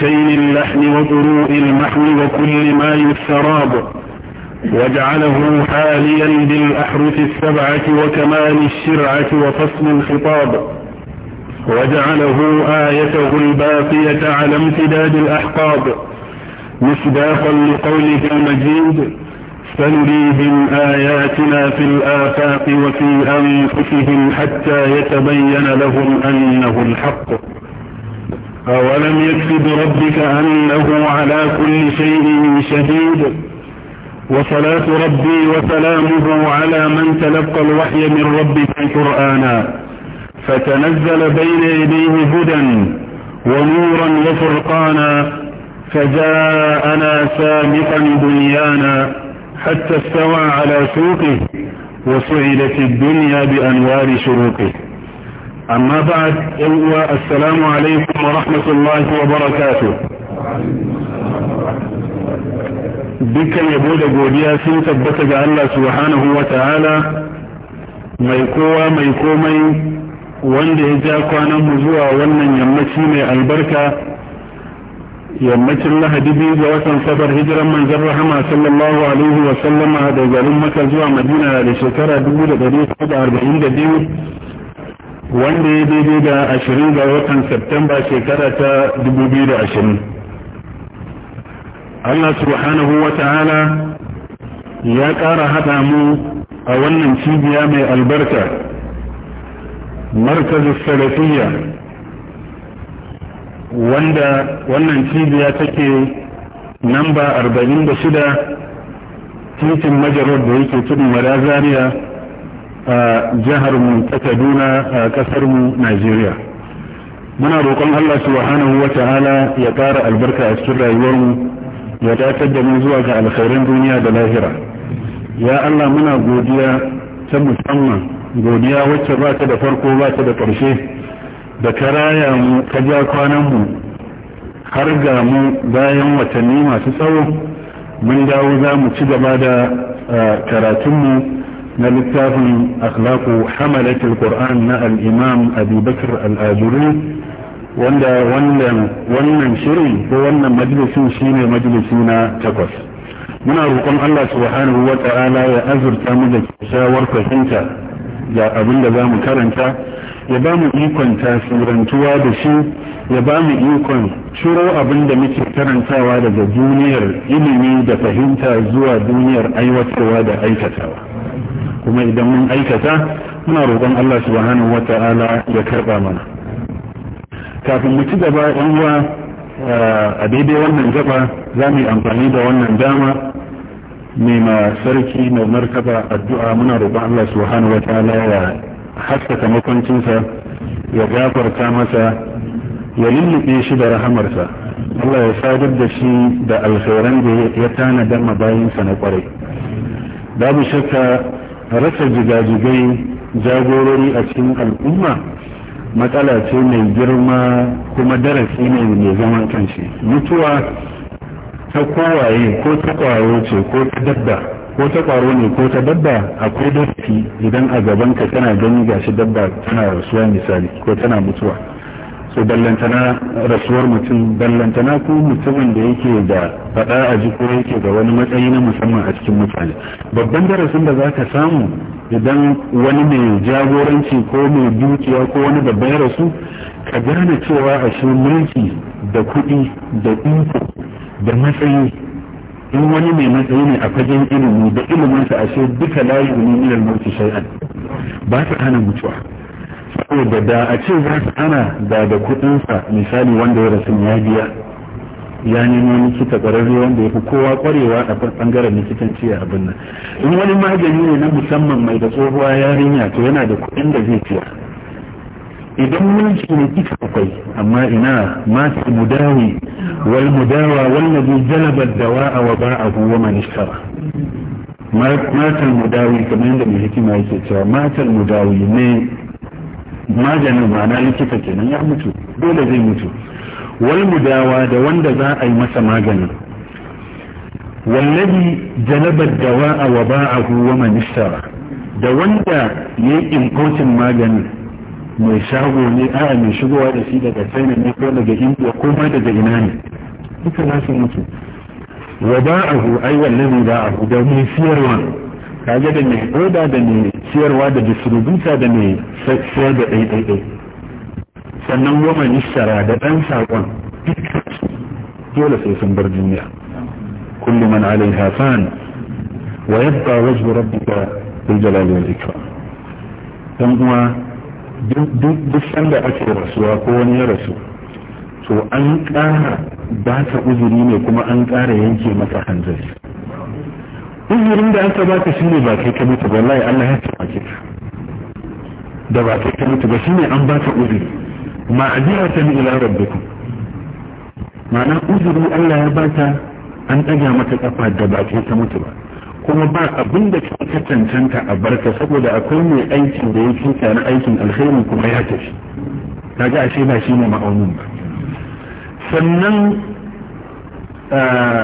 شين اللحم وضروء المحل وكل ما يستراب واجعله حاليا بالأحرف السبعة وكمال الشرعة وفصل الخطاب وجعله آيته الباقية على امتداد الأحقاب مصداقا لقوله المجيد سنريهم آياتنا في الآفاق وفي أنفسهم حتى يتبين لهم أنه الحق أولم يكتب ربك أنه على كل شيء شهيد وصلاة ربي وسلامه على من تلقى الوحي من ربك قرآنا فتنزل بين يديه هدى ونورا وفرقانا فجاءنا سامقا دنيانا حتى استوى على سوقه وسعدت الدنيا بأنوار شروقه أما بعد إنوا السلام عليكم ورحمة الله وبركاته dukkan yabo da godiya sun tabbata ga Allah subhanahu wa ta'ala mai kowa mai komai wanda ya ja kwanan zuwa wannan yammaci mai albarka yammacin lahadi biyu ga watan sabar hijiran manzon rahama sallallahu alaihi wa sallama da garin maka zuwa madina da shekara 1442 wanda ya daidai da ashirin ga watan Septemba shekara ta 2020. Allah subhanahu wa ta'ala ya ƙara haɗa mu a wannan cibiya mai albarka, markazu salafiyya wanda wannan cibiya take namba 46 titin majalar da yake tudun Zaria. a jihar mu ta Kaduna a kasar mu Najeriya muna roƙon Allah subhanahu wa ta'ala ya ƙara albarka a cikin rayuwar mu ya dakatar da mu zuwa ga alheran duniya da lahira ya Allah muna godiya ta musamman godiya wacce ba ta da farko ba ta da ƙarshe da ka raya mu ka ja kwanan mu har ga mu bayan watanni masu tsawo mun dawo za mu ci gaba da karatunmu na littafin akhlaqu hamalatul qur'an na al-imam abi bakr al wanda wannan shirin ko wannan majalisin shine majalisi na takwas muna roƙon Allah subhanahu wa ta'ala ya azurta mu da shawar fahimta ga abin da zamu karanta ya ba mu ikon tasirantuwa da shi ya ba mu ikon ciro abin da muke karantawa daga duniyar ilimi da fahimta zuwa duniyar aiwatarwa da aikatawa kuma idan mun aikata muna roƙon Allah subhanahu wa ya karɓa mana kafin mu ci gaba yan uwa eh, a daidai wannan gaba za mu yi amfani da wannan dama ma sarki mai martaba addu'a muna roƙon Allah subhanahu wa ta'ala ya haskaka makwancinsa ya gafarta masa ya lullube shi da rahamarsa Allah ya sadar da shi da alkhairan da ya tana dan mabayinsa na kwarai babu shakka rasa jigajigai jagorori a cikin al'umma matsala ce mai girma kuma darasi ne mai zaman kanshi mutuwa ta kowaye ko ta kwaro ce ko ta dabba ko ta kwaro ne ko ta dabba akwai darasi idan a gabanka tana gani gashi dabba tana rasuwa misali ko tana mutuwa so ballantana rasuwar mutum ballantana ko mutumin da yake da faɗa a ji ko yake da wani matsayi na musamman a cikin mutane babban darasin da za ka samu idan wani mai jagoranci ko mai dukiya ko wani babban ya rasu ka gane cewa a mulki da kuɗi da iko da matsayi in wani mai matsayi ne a fagen ilimi da iliminsa ashe duka layu ne milal mulki shay'an ba ta hana mutuwa ko da da a ce za su ana da da kudinsa misali wanda ya rasu ya biya ya nemo likita ƙwararre wanda ya fi kowa ƙwarewa a ɓangaren likitanci a abin nan in wani magani ne na musamman mai da tsohuwa yarinya to yana da kuɗin da zai ciya idan mulki ne ita akwai amma ina masu mudawi wal mudawa zai jalaba dawa'a wa a wa man ishtara matal mudawi kamar yadda mai hikima yake cewa matan mudawi ne maganin ba na likita kenan ya mutu dole zai mutu wal mudawa da wanda za a yi masa maganin wallabi janabar dawa a wa ba'ahu wa manistara da wanda ya yi imkotin maganin mai shago ne a mai shigowa da shi daga china ne ko daga indiya ko ma daga ina ne duka za su mutu wa ba'ahu ai wallabi ba'ahu da mai siyarwa kaga da mai oda da mai siyarwa da distributa da mai sayar da ɗaiɗaiɗai sannan wama nishara da ɗan saƙon dole sai sun bar duniya kullum man alaiha fan wa yabqa wajen rabbika bil jalali wal ikram dan uwa duk sanda ake rasuwa ko wani ya rasu to an ƙara ba ta uzuri ne kuma an ƙara yanke mata hanzari uzurin da aka baka shine ba kai ka mutu wallahi Allah ya tsaka ka da ba kai ka mutu ba shine an baka uzuri ma'aziratan ila rabbikum ma'ana uzuri Allah ya baka an ɗaga mata kafa da ba kai ka mutu ba kuma ba abin da ka cancanta a barka saboda akwai mai aikin da ya kinta na aikin alkhairi kuma ya tafi kaga ashe ba shine ma'aunin ba sannan ah,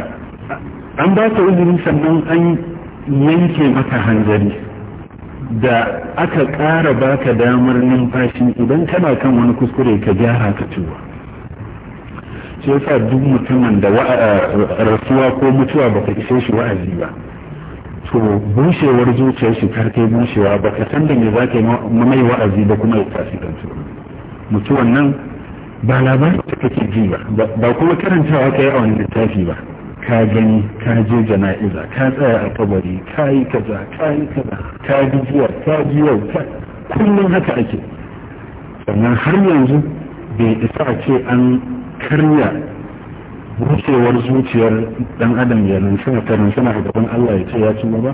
an ba ta uzuri sannan an yanke maka hanzari da aka ƙara baka damar numfashi idan kana kan wani kuskure ka gyara ka tuwa shi yasa duk mutumin da rasuwa ko mutuwa ba ka ishe shi wa'azi ba to bushewar zuciyar shi kar kai bushewa ba ka san da me za ka yi mai wa'azi ba kuma ya fasikantu mutuwan nan ba labarin da kake ji ba ba kuma karantawa ka yi a wani littafi ba ka gani ka je jana'iza ka tsaya a kabari ka yi kaza ka yi kaza ka yi zuwa ka yi yau ka kullum haka ake sannan har yanzu bai isa ce an karya bucewar zuciyar dan adam ya nan suna karin suna a gaban Allah ya ce ya ci ba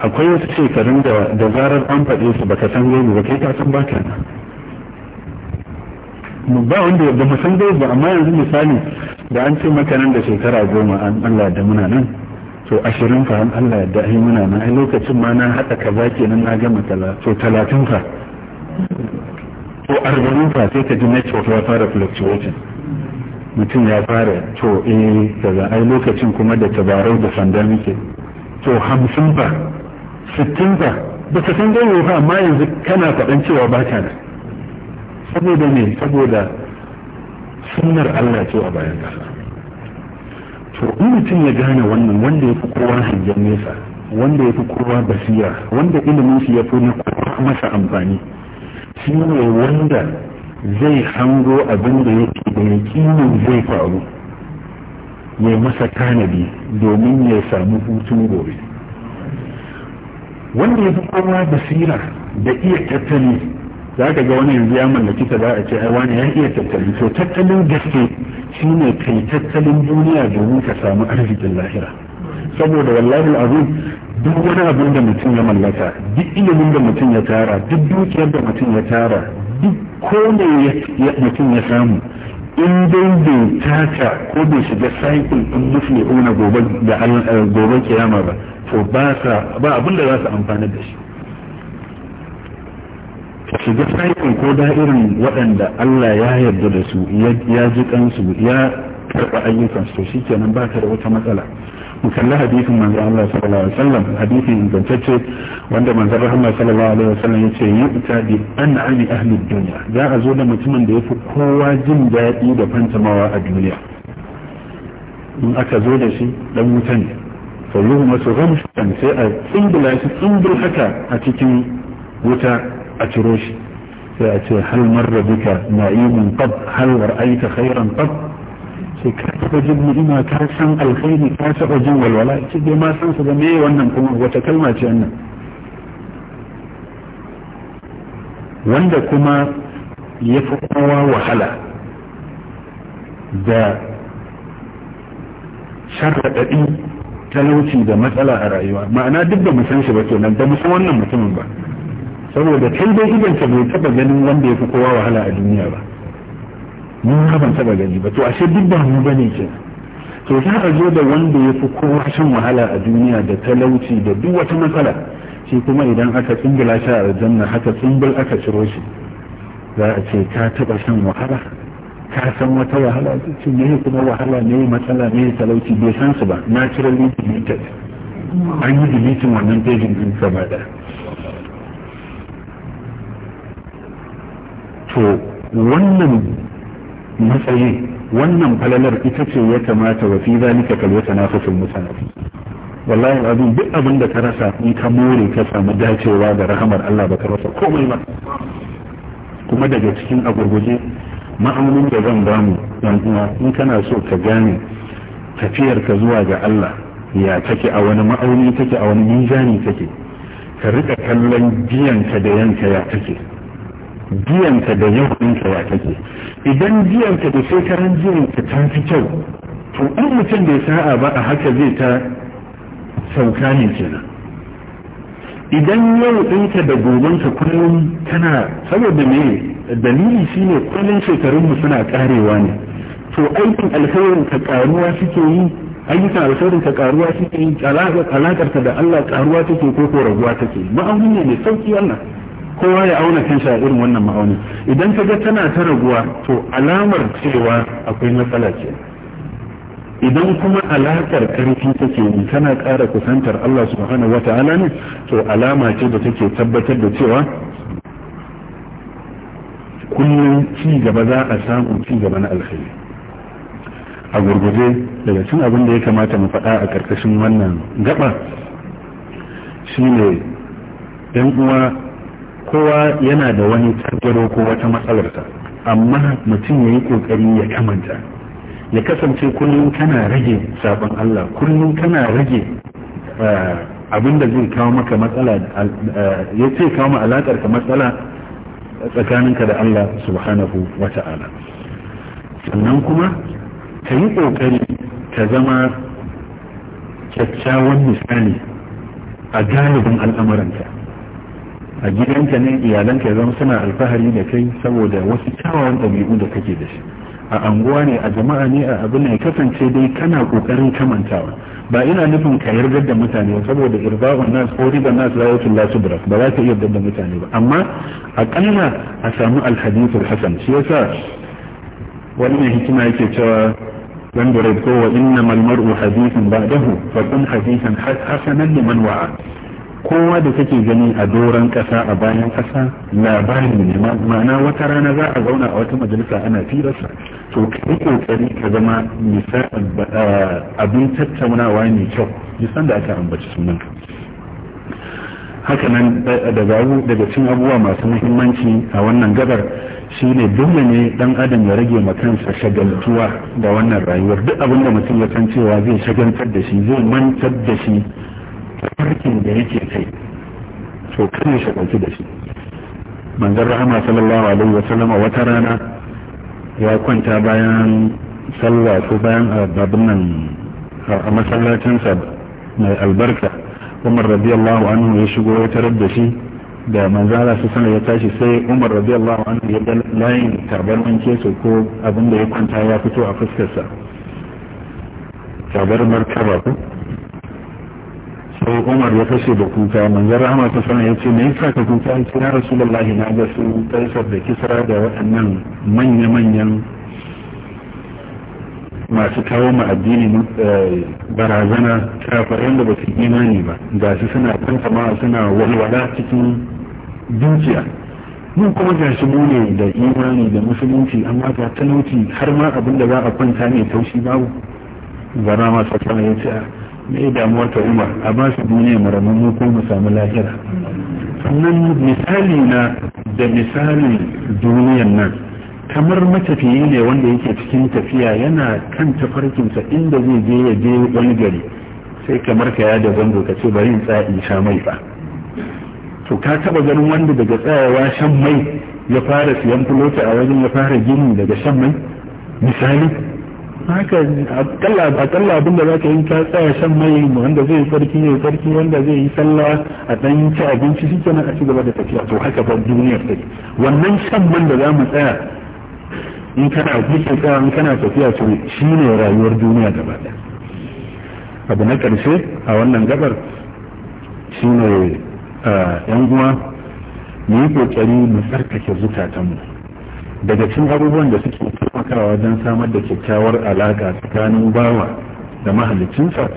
akwai wasu shekarun da zarar an faɗe su baka san gani ba kai ka san baka na. mu ba wanda yadda mu dai ba amma yanzu misali da an ce maka nan da shekara goma an Allah da muna nan to ashirin fa an Allah da ai muna nan ai lokacin ma na haɗa kaza kenan na gama to talatin fa to arba'in fa sai ka ji network ya fara fluctuating mutum ya fara to eh kaza ai lokacin kuma da tabarau da sanda muke to hamsin fa sittin fa ba ka san dai fa amma yanzu kana faɗan cewa ba ka nan saboda ne saboda sunnar Allah ce a bayan kasa to in mutum ya gane wannan wanda ya fi kowa hangen nesa wanda ya fi kowa basira wanda ilimin shi ya fi na kowa masa amfani shi ne wanda zai hango abin da yake da yakinin zai faru ya masa tanadi domin ya samu hutun gobe wanda ya fi kowa basira da iya tattali za ka ga wani yanzu ya mallaki ta za a ce ai wani ya iya tattalin to tattalin gaske shi ne kai tattalin duniya domin ka samu arzikin lahira saboda wallahi azim duk wani abin da mutum ya mallaka duk ilimin da mutum ya tara duk dukiyar da mutum ya tara duk ko ne mutum ya samu in dai bai taka ko bai shiga cycle din mufli gobe da gobe kiyama ba to ba abin da za su amfana da shi shiga saikin ko da'irin waɗanda Allah ya yarda da su ya ji kansu ya karɓa ayyukan su shi kenan ba ka da wata matsala mu kalli hadisin manzo Allah sallallahu alaihi wasallam hadisi ingantacce wanda manzo Rahman sallallahu alaihi wasallam yace yu'ta bi an'ami ahli dunya za a zo da mutumin da yafi kowa jin daɗi da fantamawa a duniya in aka zo da shi dan wuta ne fa yuhu masu sai a tsindula shi tsindul haka a cikin wuta أتروش هل مر بك نعيم قط هل رأيت خيرا قط كاسا جبني إما كاسا الخير كاسا وجو الولاء تدي ما سنسى دمي إيه وانن كمه وتكلمة جأنا وانكما يفقوا وحلا ذا شر أئي تلوتي ذا مسألة أرأيوان معنى دبا مسنش بكي لن دمسوا وانن مسنن بكي saboda kai dai idan ka bai taba ganin wanda ya fi kowa wahala a duniya ba ni ma ban taba gani ba to ashe duk ba mu bane ke to za a zo da wanda ya fi kowa shan wahala a duniya da talauci da duk wata matsala shi kuma idan aka tsingila shi a aljanna haka tsumbul aka ciro shi za a ce ka taba shan wahala ka san wata wahala ce ne kuma wahala ne matsala ne talauci bai san su ba naturally deleted an yi deleting wannan pejin din gaba daya to wannan matsayin wannan falalar ita ce ya kamata wa fi zalika na yatanafasul mutanafi wallahi abin duk abin da ka rasa in ka more ka samu dacewa da rahamar Allah baka rasa komai ba kuma daga cikin agurguje ma'aunin da zan bamu dan uwa in kana so ka gane tafiyar ka zuwa ga Allah ya take a wani ma'auni take a wani minjani take ka rika kallon ka da yanka ya take jiyanka da yau ɗinka ya take idan jiyanka da shekaran jiyanka ta fi kyau to in mutum bai sa'a ba a haka zai ta sauka ne kenan idan yau ɗinka da gobenka kullum tana saboda me dalili shine kullum shekarunmu suna karewa ne to aikin alkhairin ka karuwa suke yi ayyukan alkhairin ka karuwa suke yi alaƙarta da Allah karuwa take ko ko raguwa take ma'auni ne mai sauki wannan kowa ya auna kansa a irin wannan ma'auni idan ka ga tana ta raguwa to alamar cewa akwai matsala ce idan kuma alakar karfi take yi tana ƙara kusantar Allah subhanahu ta'ala ne to alama ce da take tabbatar da cewa kullum ci gaba za a samu ci gaba na alkhairi a gurguje daga cin abin da ya kamata mu faɗa a ƙarƙashin wannan gaba shine yan uwa kowa yana da wani tsagero ko wata matsalarsa amma mutum ya yi ƙoƙari ya kamanta ya kasance kullum kana rage sabon Allah kullum kana rage eh, abin da zai kawo maka matsala eh, ya ce kawo ma alaƙar ka matsala tsakaninka da Allah subhanahu wa ta'ala sannan kuma ka yi ƙoƙari ka zama kyakkyawan misali a galibin al'amuranka a gidanka ne iyalanka zama suna alfahari da kai saboda wasu kyawawan ɗabi'u da kake da shi a anguwa ne a jama'a ne a abin ya kasance dai kana kokarin kamantawa ba ina nufin ka yarda da mutane saboda irba'un nas ko riba nas la yatul subra ba za ka yarda da mutane ba amma a akalla a samu alhadithul hasan shi yasa wani hikima yake cewa dan dore ko wa innamal mar'u hadithun ba'dahu fa kun hadithan hasanan liman wa'a kowa da kake gani a doron ƙasa a bayan ƙasa labari ne ma'ana wata rana za a zauna a wata majalisa ana firarsa to kai kokari ka zama abin tattaunawa ne kyau nisan da aka ambaci sunanka hakanan daga cin abubuwa masu muhimmanci a wannan gabar shine dole ne dan adam ya rage ma kansa shagaltuwa da wannan rayuwar duk abin da mutum ya san cewa zai shagaltar da shi zai mantar da shi farkin da yake kai so kan da shi manzon rahama sallallahu alaihi wa sallama wata rana ya kwanta bayan sallah ko bayan babin nan a masallacinsa mai albarka umar radiyallahu anhu ya shigo ya tarar da shi da manzala su sana ya tashi sai umar radiyallahu anhu ya ga layin tabar wanke su ko abin da ya kwanta ya fito a fuskarsa tabar markaba ko sai umar ya kashe da kuka manzon rahama ta sana ya ce me yasa ka kuka an kira rasulullahi na ga su kaisar da kisra da waɗannan manya-manyan masu kawo ma addini eh, barazana kafaran da ba su imani ba ga su suna kantama suna walwala cikin dukiya mun kuma ga shi mu ne da imani da musulunci amma ga talauci har ma abin da za a kwanta ne taushi babu zara ma sakana ya ce yi damuwar ta umar a ba su duniya maramin muku ko mu samu lahira sannan misali na da misalin duniyan nan kamar matafiyi ne wanda yake cikin tafiya yana kan tafarkinsa inda zai je ya je wani gari sai kamar ka ya da zango ka ce bari in tsaya sha mai ba to ka taba ganin wanda daga tsayawa shan mai ya fara siyan fulota a wajen ya fara gini daga shan mai misali haka akalla abin da za ka yi ka tsaya shan mai wanda zai sarki ne sarki wanda zai yi sallah a dan ci abinci shi nan a ci gaba da tafiya to haka ba duniyar yi wannan shan man da za mu tsaya in kana kuke tsaya in kana tafiya to shi ne rayuwar duniya gaba ɗaya abu na ƙarshe a wannan gabar shi ne yan uwa mu yi kokari mu tsarkake zukatanmu daga cin abubuwan da suke taimakawa wajen samar da kyakkyawar alaƙa tsakanin bawa da mahalicinsa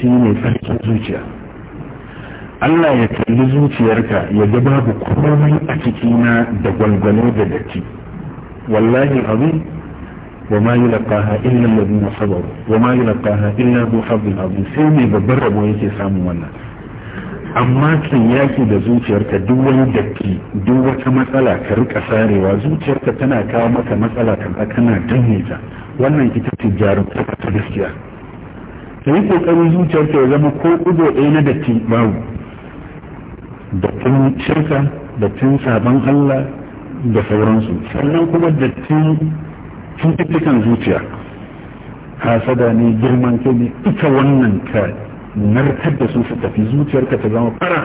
shi ne tsarkin zuciya Allah ya kalli zuciyarka ya ga babu komai a cikina da gwalgwalo da datti wallahi abin wa ma yulqaha illa alladhina sabaru wa ma yulqaha illa bi sai mai babbar rabo yake samun wannan amma kin yaki da zuciyarka duk wani datti duk wata matsala ka rika sarewa zuciyarka tana kawo maka matsala ka kana danne ta wannan ita ce jarumta ta gaskiya ka yi kokarin zuciyarka ya zama ko ugo ɗaya na datti babu dattin shirka dattin sabon Allah da sauransu sannan kuma dattin cututtukan zuciya hasada ne girman kai ne ita wannan ka narkar da su su tafi zuciyarka ta zama fara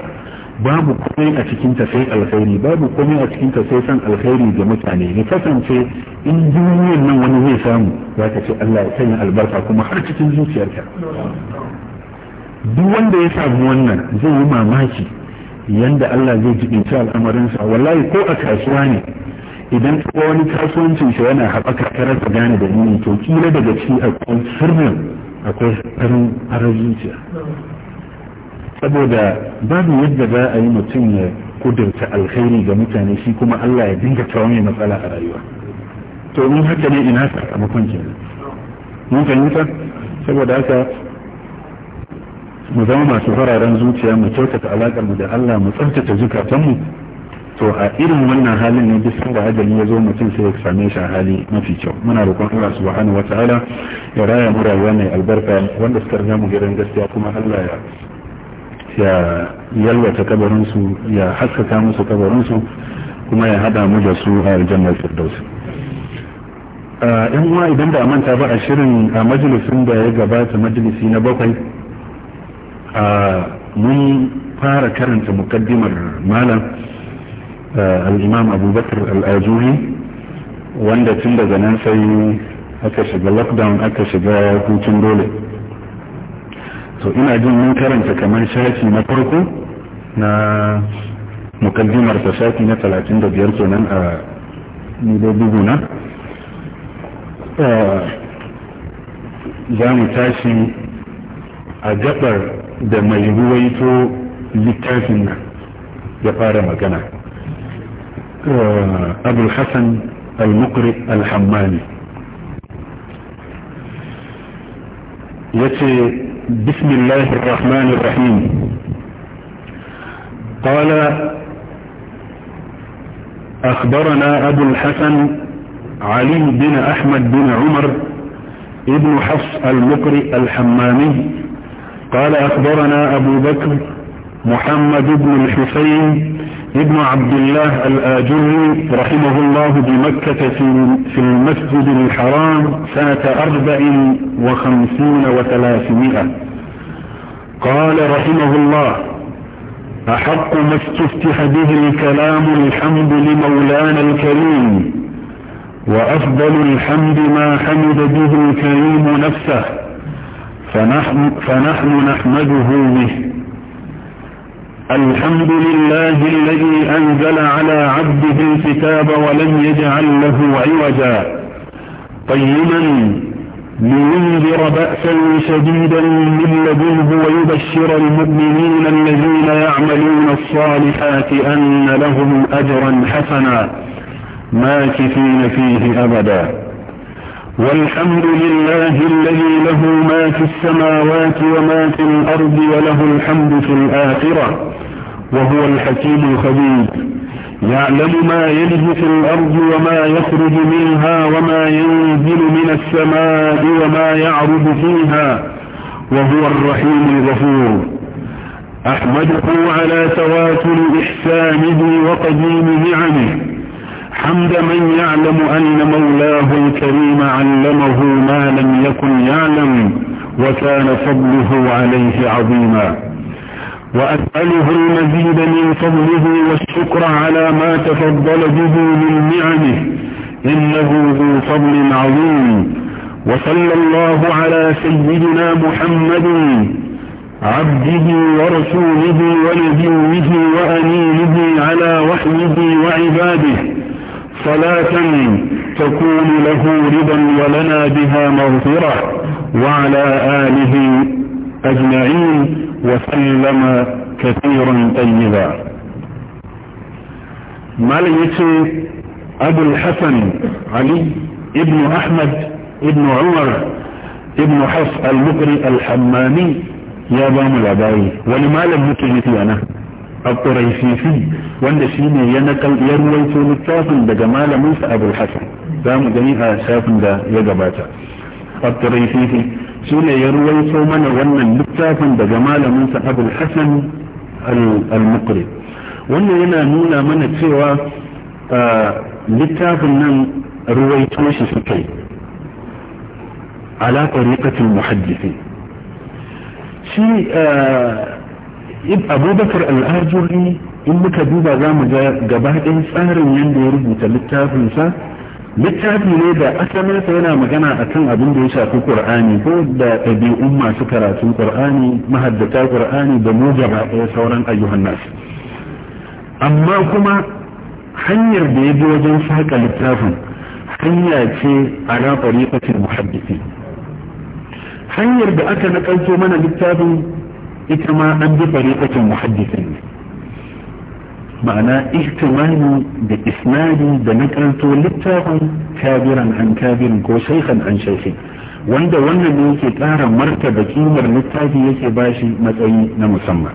babu komai a cikin sai alkhairi babu komai a cikin ta sai san alkhairi ga mutane ne kasance in duniyar nan wani zai samu za ka ce Allah ya sanya albarka kuma har cikin zuciyarka duk wanda ya samu wannan zai yi mamaki yanda Allah zai ji al'amarin al'amarinsa wallahi ko a kasuwa ne idan wani kasuwancin shi yana haɓaka ka rasa gane da ni to kila daga ciki akwai sirrin akwai farin farar zuciya saboda babu yadda za a yi mutum ya kudurta alkhairi ga mutane shi kuma Allah ya dinga kawo mai matsala a rayuwa to in haka ne ina sakamakon kenan mun fahimta saboda haka mu zama masu fararen zuciya mu kyautata alakar mu da Allah mu tsaftace zukatanmu to a irin wannan halin ne duk sanda ajali ya zo mutum sai ya same shi a hali mafi kyau muna roƙon Allah subhanahu wataala ya raya mu rayuwa mai albarka wanda suka riga mu gidan gaskiya kuma Allah ya ya yalwata kabarinsu ya haskaka musu kabarinsu kuma ya hada mu da su a aljannar firdaus yan uwa idan ba a manta ba a shirin a majalisin da ya gabata majalisi na bakwai mun fara karanta mukaddimar malam al'imam abubakar al'ajuri wanda tun daga nan sai aka shiga lockdown aka shiga hutun dole to ina jin mun karanta kamar shafi na farko na mukaddimar ta shafi na 35 kenan a nilobugu na za mu tashi a gabar da mai ruwaito littafin nan ya fara magana آه، أبو الحسن المقرئ الحماني يتي بسم الله الرحمن الرحيم قال أخبرنا أبو الحسن علي بن أحمد بن عمر ابن حفص المقرئ الحمامي قال أخبرنا أبو بكر محمد بن الحسين ابن عبد الله الآجر رحمه الله بمكة في المسجد الحرام سنة أربع وخمسين وثلاثمائة قال رحمه الله أحق ما استفتح به الكلام الحمد لمولانا الكريم وأفضل الحمد ما حمد به الكريم نفسه فنحن, فنحن نحمده به الحمد لله الذي أنزل على عبده الكتاب ولم يجعل له عوجا قيما لينذر بأسا شديدا من لدنه ويبشر المؤمنين الذين يعملون الصالحات أن لهم أجرا حسنا ماكثين فيه أبدا والحمد لله الذي له ما في السماوات وما في الأرض وله الحمد في الآخرة وهو الحكيم الخبير يعلم ما يلج في الأرض وما يخرج منها وما ينزل من السماء وما يعرض فيها وهو الرحيم الغفور أحمده على تواتر إحسانه وقديم نعمه حمد من يعلم أن مولاه الكريم علمه ما لم يكن يعلم وكان فضله عليه عظيما وأسأله المزيد من فضله والشكر على ما تفضل به من نعمه إنه ذو فضل عظيم وصلى الله على سيدنا محمد عبده ورسوله ونبيه وأمينه على وحيه وعباده صلاة تكون له رضا ولنا بها مغفرة وعلى آله أجمعين وسلم كثيرا طيبا مالي ابو الحسن علي ابن احمد ابن عمر ابن حص المقري الحماني يا بام الاباي ولمالا متجتي انا الطريسي في وان شيني ينقل يروي في مكتاف بجمال موسى أبو الحسن hasan جميعا شاف دا يجباتا الطريسي في shi ne ya ruwaito mana wannan littafin daga malamin sahabul hasan al-muqri wannan yana nuna mana cewa littafin nan ruwaito shi suka ala tariqatul muhaddisi shi abubakar al-arjuri in muka duba za mu ga gaba tsarin yadda ya rubuta littafinsa littafi ne da asalinsa yana magana a kan abin da ya shafi ƙur'ani ko da ɗabi'un masu karatun ƙur'ani mahaddata ƙur'ani da mu gaba ɗaya sauran ayyuhan nasu amma kuma hanyar da ya bi wajen saƙa littafin hanya ce a na ɗariƙacin muhaddisi hanyar da aka naƙalto mana littafin ita ma an bi ɗariƙacin muhaddisin ne ma'ana ihtimami da isnadi da nakalto littafin kabiran an kabirin ko shaikhan an shaikhin wanda wannan ne yake ƙara martaba kimar littafi yake bashi matsayi na musamman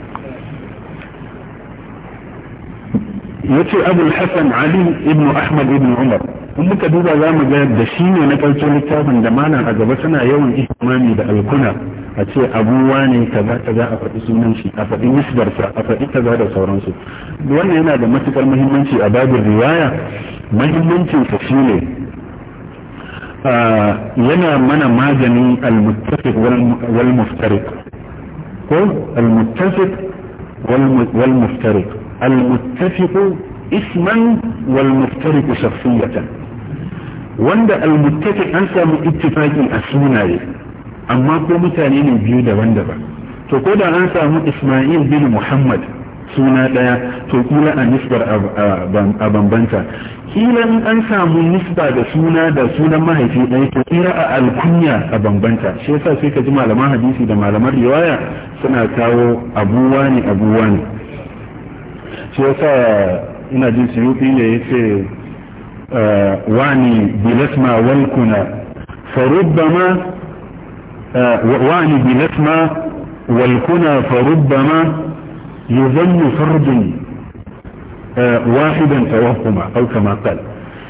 yace abul hasan ali ibnu ahmad ibnu umar in muka duba za mu ga da shi ne na ƙarshen littafin da malam a gaba suna yawan ihmami da alkuna a ce abuwa ne kaza kaza a faɗi sunan shi a faɗi nisbarsa a faɗi kaza da sauransu wannan yana da matukar muhimmanci a babin riwaya muhimmancin sa shine yana mana maganin al-muttafiq wal muftariq ko al-muttafiq wal muftariq al-muttafiq اسما والمفترق شخصية wanda almuttaki an samu ittifaki a sunaye amma ko mutane ne biyu daban-daban to ko da an samu isma'il bin muhammad suna ɗaya to kila a nisbar a bambanta kila in an samu nisba da suna da sunan mahaifi ɗaya to kira a alkunya a bambanta shi yasa sai ka ji malaman hadisi da malaman riwaya suna kawo abuwa ne abuwa ne shi yasa ina jin suyufi ne ya واعني بالاسمى والكنى فربما واعني بالاسمى والكنى فربما يظن فرد واحدا توهما او كما قال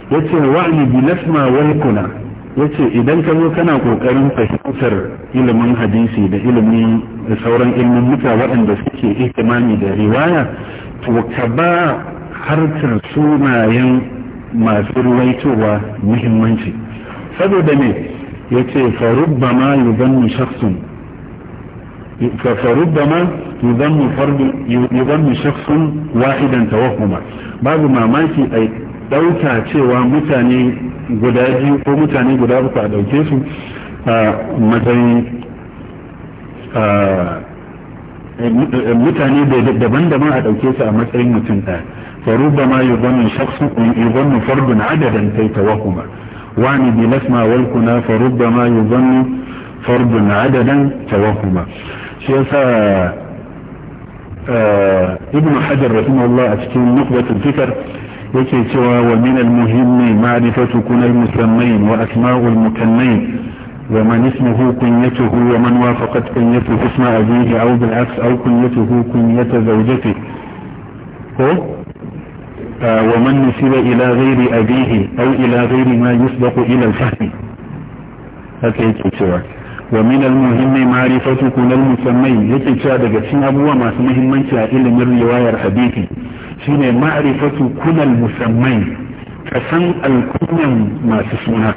yace wa'ani bi lasma wal kuna yace idan ka zo kana kokarin fahimtar ilimin hadisi da ilimin sauran ilimin muta waɗanda suke ihtimami da riwaya to ka ba harkar sunayen masu ruwaitowa muhimmanci saboda me ya ce farubba ma yuzannu shakhsun farubba ma yuzannu shakhsun wahidan tawahuma babu mamaki a ɗauka cewa mutane guda biyu ko mutane guda uku a ɗauke su a matsayin mutane daban-daban a ɗauke su a matsayin mutum ɗaya فربما يظن شخص يظن فرد عددا كي توهما واني بالاسماء والكنا فربما يظن فرد عددا توهما شيخ آه، آه، ابن حجر رحمه الله في نقبة الفكر يكي سوى ومن المهم معرفة كن المسمين واسماء المكنين ومن اسمه كنيته ومن وافقت كنيته اسم ابيه او بالعكس او كنيته كنية زوجته ومن نسب إلى غير أبيه أو إلى غير ما يسبق إلى الفهم هكذا سواك ومن المهم معرفة كل المسمين يكي شادك سين أبوه ما سمهم من شائل من رواية الحديث سين معرفة كل المسمين كسن الكنم ما سسمها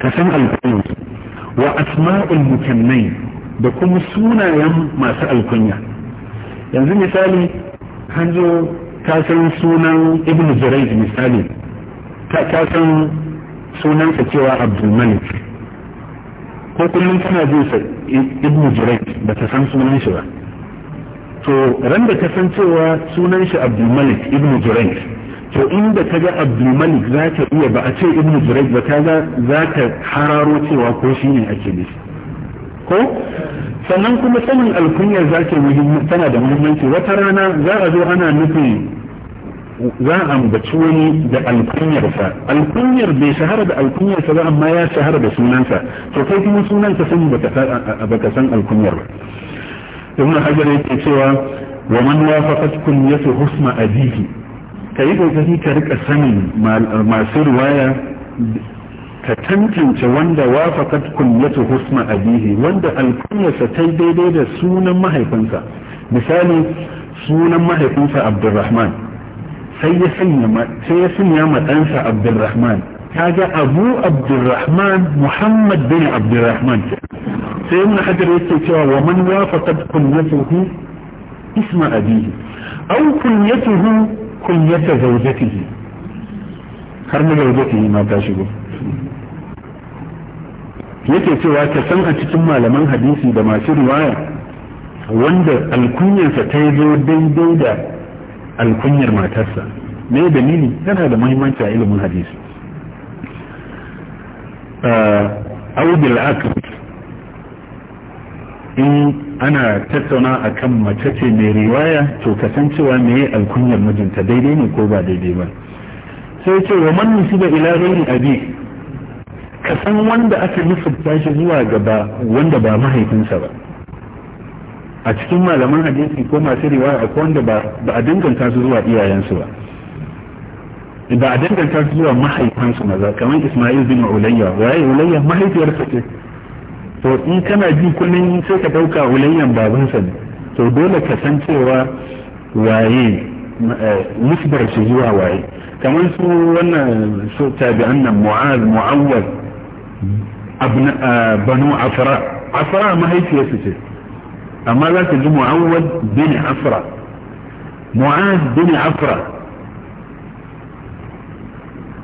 كسن الكنم وأسماء المكنين بكم سونا يم ما سأل كنيا يعني مثالي هنجو ka san sunan ibn Zurayj misali ka san sunansa cewa Abdul Malik ko kullum kana jin ibn Zurayj ba ta san sunan shi ba to ran da ka san cewa sunan shi Abdul Malik ibn Zurayj to inda ka ga Abdul Malik za ka iya ba a ce ibn Zurayj ba ka za ka hararo cewa ko shi ne ake nufi ko sannan kuma sanin alkunyar ke tana da muhimmanci wata rana za a zo ana nufin za a ambaci wani da alkunyarsa alkunyar bai shahara da alkunyarsa ba amma ya shahara da sunansa to kai kuma sunanka sun baka san alkunyar ibn hajar yake cewa wa man wafaqat kunyatu husma abihi kai kokari ka rika sanin masu riwaya ka tantance wanda wafaqat kunyatu husna abihi wanda alkunyarsa ta daidai da sunan mahaifinsa misali sunan mahaifinsa abdurrahman sai ya sanya sai ya sanya ma ɗansa abdurrahman kaga abu abdurrahman muhammad bin Abdulrahman sai ibn hajar yake cewa wa man wafaqat kunyatuhu isma abihi aw kunyatuhu kunyata zawjatihi har na zawjatihi ma ta shigo yake cewa ka san a cikin malaman hadisi da masu riwaya wanda alkunyarsa ta yi zo daidai da alkunyar matarsa me dalili yana da muhimmanci a ilimin hadisi audil akad in ana tattauna a kan mace ce mai riwaya to cewa me alkunyar mijinta daidai ne ko ba daidai ba sai ce wa man nusiba ila abi ka san wanda aka nisabta shi zuwa gaba wanda ba mahaifinsa ba a cikin malaman hadisi ko masu riwaya akwai wanda ba a danganta su zuwa iyayensu ba ba a danganta su zuwa mahaifansu maza kamar Ismail bin Ulayya waye Ulayya mahaifiyar ce to in kana ji kullum sai ka dauka Ulayyan babansa ne to dole ka san cewa waye musbar eh, shi zuwa waye kamar su wannan su tabi'an nan Mu'az banu asra asra mahaifiyarsu ce amma za ka ji mu'awwad bin asra mu'ad bin asra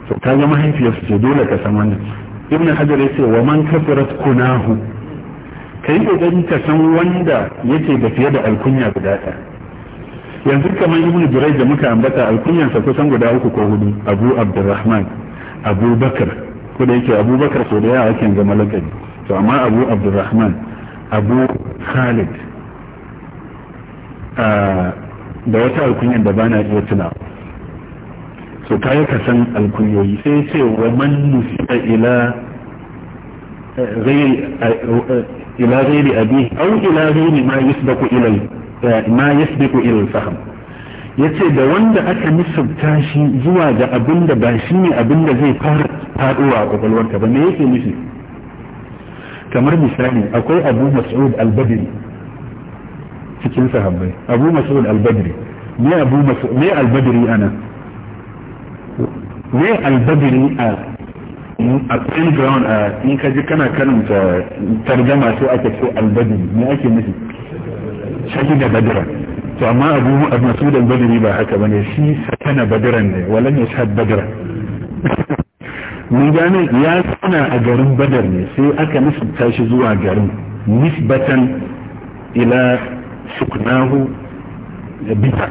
to ka ga mahaifiyarsu ce dole ka san wannan ibn hajar yace wa man kafarat kunahu kai kokarin ka san wanda yake da fiye da alkunya guda ɗaya yanzu kamar ibn jurai da muka ambata alkunyansa kusan guda uku ko hudu abu abdurrahman abu Bakr. ko da yake abubakar so da yawa kin zama lakabi to amma abu abdurrahman abu khalid da wata alkunyar da bana iya tuna so kayi ka san alkunyoyi sai ce wa man nufi'a ila eh, eh, ila ghairi abi au ila ghairi ma yasbaqu ila eh, ma yasbaqu ila al-fahm yace da wanda aka nisabta tashi zuwa ga abinda ba shi ne abinda zai fara faɗuwa a kwakwalwarka ba me yake nufi kamar misali akwai abu mas'ud al-badri cikin sahabbai abu mas'ud al-badri me abu me al-badri ana me al-badri a a plain a in ka ji kana karanta tarjama to ake ce al-badri me ake nufi shahida badra to amma abu mas'ud al-badri ba haka bane shi sakana badran ne walan yashhad badran mun gane ya tsana a garin badar ne sai aka nisbata shi zuwa garin nisbatan ila suknahu bita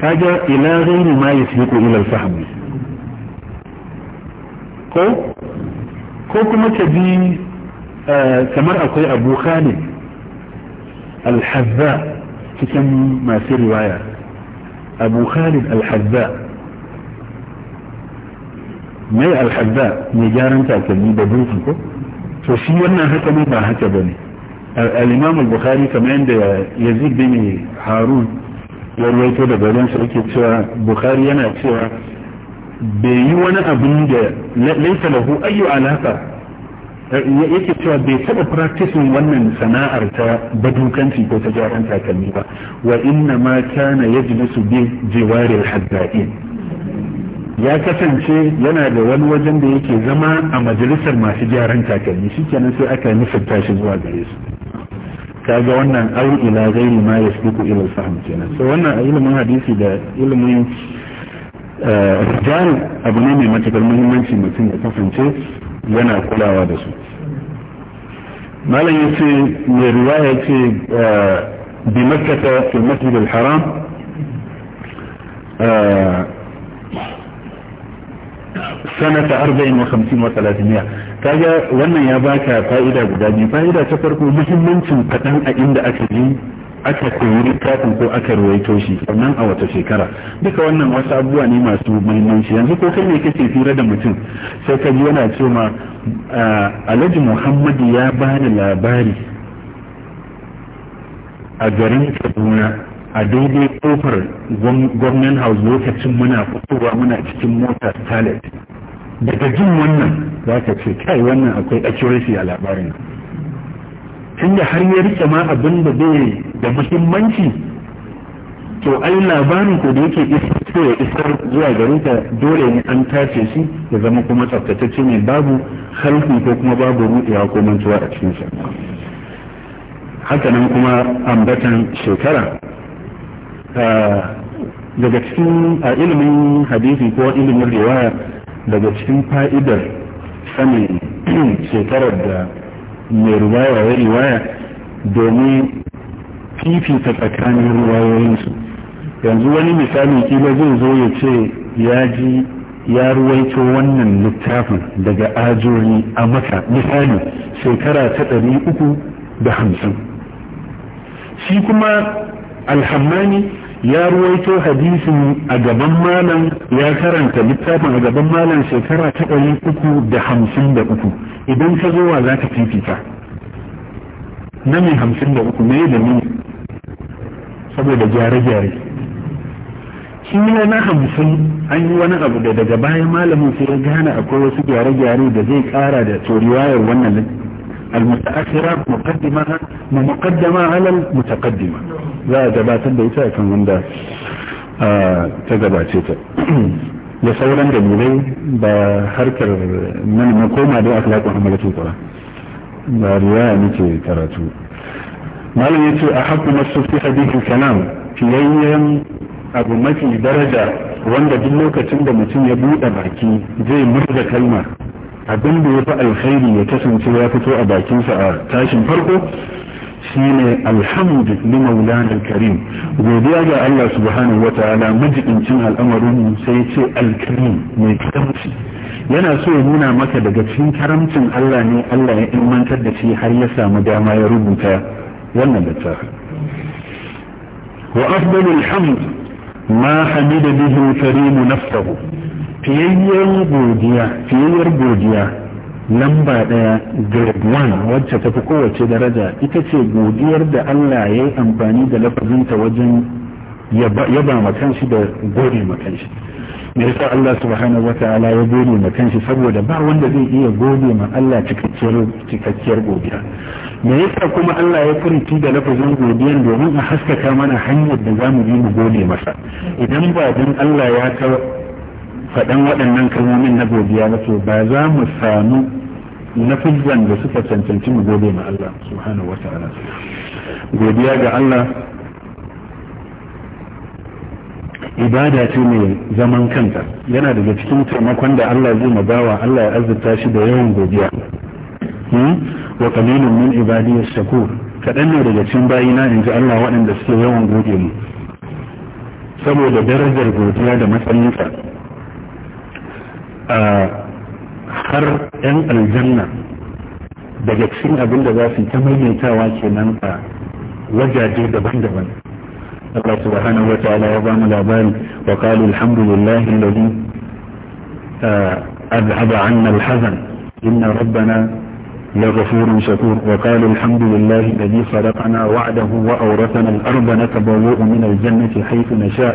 kaga ila ghairi ma yasbiqu ila al-fahm ko ko kuma ta bi kamar akwai abu khalid al-hazza cikin masu riwaya abu khalid al-hazza mai alhadda mai gyaran takalmi da burki ko to shi wannan haka ne ba haka ba ne al-imam al-bukhari kamar yadda yazid bin harun ya rawaito daga wajen sa yake cewa bukhari yana cewa bai yi wani abin da laisa lahu ayyu alaka yake cewa bai taba practice wannan sana'ar ta badukanci ko ta gyaran takalmi ba wa inna ma kana yajlisu bi jiwari al-hadda'in ya kasance yana da wani wajen da yake zama a majalisar masu gyaran takalmi shikenan sai aka nufin shi zuwa gare su kaga wannan au ila gairi ma yasbiqu ila al-fahm kenan so wannan ilimin hadisi da ilimin eh, rijal abu ne mai matakar muhimmanci mutum ya kasance yana kulawa da su malam yace mai riwaya yace eh, bi makkah fi masjid haram eh, sanata arba'in wa hamsin wa talatiniya kaga wannan ya baka fa'ida guda biyu fa'ida ta farko muhimmancin kaɗan a inda aka yi aka koyi littafin ko aka ruwaito shi sannan a wata shekara duka wannan wasu abubuwa ne masu muhimmanci yanzu ko kai ne kake fira da mutum sai ka ji yana ce ma ah, alhaji muhammadu ya bani labari a garin kaduna a daidai kofar gwamnan house lokacin muna fitowa muna cikin mota talent daga jin wannan za ka ce kai wannan akwai accuracy a labarin tunda har ya rike ma abin da bai da muhimmanci to ai labarin ko da yake isar ya isar zuwa garin ka dole ne an tace shi ya zama kuma tsaftatacce ne babu halku ko kuma babu rudewa ko mantuwa a cikin sa haka nan kuma ambatan shekara Eh, daga cikin a ilimin hadisi ko ilimin riwaya daga cikin fa'idar sanin shekarar da mai riwaya ya riwaya domin fifita tsakanin riwayoyinsu yanzu wani misali kila zai zo ya ce ya ji ya ruwaito wannan littafin daga ajori a maka misali shekara ta ɗari uku da hamsin shi kuma alhammani ya ruwaito hadisin a gaban malam ya karanta littafin a gaban malam shekara ta ɗari uku da hamsin da uku idan ka zo wa za ka fifita na mai hamsin da uku ne da ni saboda gyare-gyare shi ne na hamsin an yi wani abu da daga bayan malamin sai ya gane akwai wasu gyare-gyare da zai kara da toriwayar wannan al-mutaakhira muqaddima muqaddama ala al-mutaqaddima za a gabatar da ita akan wanda ta gabace ta da sauran dalilai da harkar nan na koma da akhlaqul hamalatul qur'an da riwaya nake karatu malam yace a haqqu masu fi hadith kalam fiyayyan abu mafi daraja wanda duk lokacin da mutum ya buɗe baki zai murza kalma abin da ya fi alkhairi ya kasance ya fito a bakinsa a tashin farko shine alhamdu li maulana karim godiya ga Allah subhanahu ta'ala majidincin al'amarin sai ce alkarim mai karamci yana so ya nuna maka daga cikin karamcin Allah ne Allah ya ilmantar da shi har ya samu dama ya rubuta wannan littafin wa afdalul hamd ma hamida bihi karim nafsuhu fiyayyar godiya fiyayyar godiya lamba ɗaya grade 1 wacce tafi kowace daraja ita ce godiyar da Allah ya yi amfani da lafazinta wajen yaba makanshi da gode makanshi me yasa Allah subhanahu wata'ala ya gode makanshi saboda ba wanda zai iya gode ma Allah cikakkiyar cikakkiyar godiya me yasa kuma Allah ya furuci da lafazin godiyar domin a haskaka mana hanyar da zamu bi mu gode masa idan ba dan Allah ya faɗan waɗannan kalmomin na godiya ba to ba za mu samu na fujjan da suka cancanci mu gode ma Allah subhanahu wa ta'ala godiya ga Allah ibada ce mai zaman kanta yana daga cikin taimakon da Allah zai magawa Allah ya azurta shi da yawan godiya hmm? wa qalilun min ibadiy shakur kadan ne daga cikin bayina inji Allah waɗanda suke yawan gode mu saboda darajar godiya da matsayinsa ah, har 'yan aljanna daga cikin abin da za su ta maimaitawa nan a wajaje daban-daban Allah subhanahu wa ta'ala ya ba mu labari wa qalu alhamdulillahi alladhi أذهب عنا الحزن إن ربنا لغفور شكور وقالوا الحمد لله الذي صدقنا وعده وأورثنا الأرض نتبوء من الجنة حيث نشاء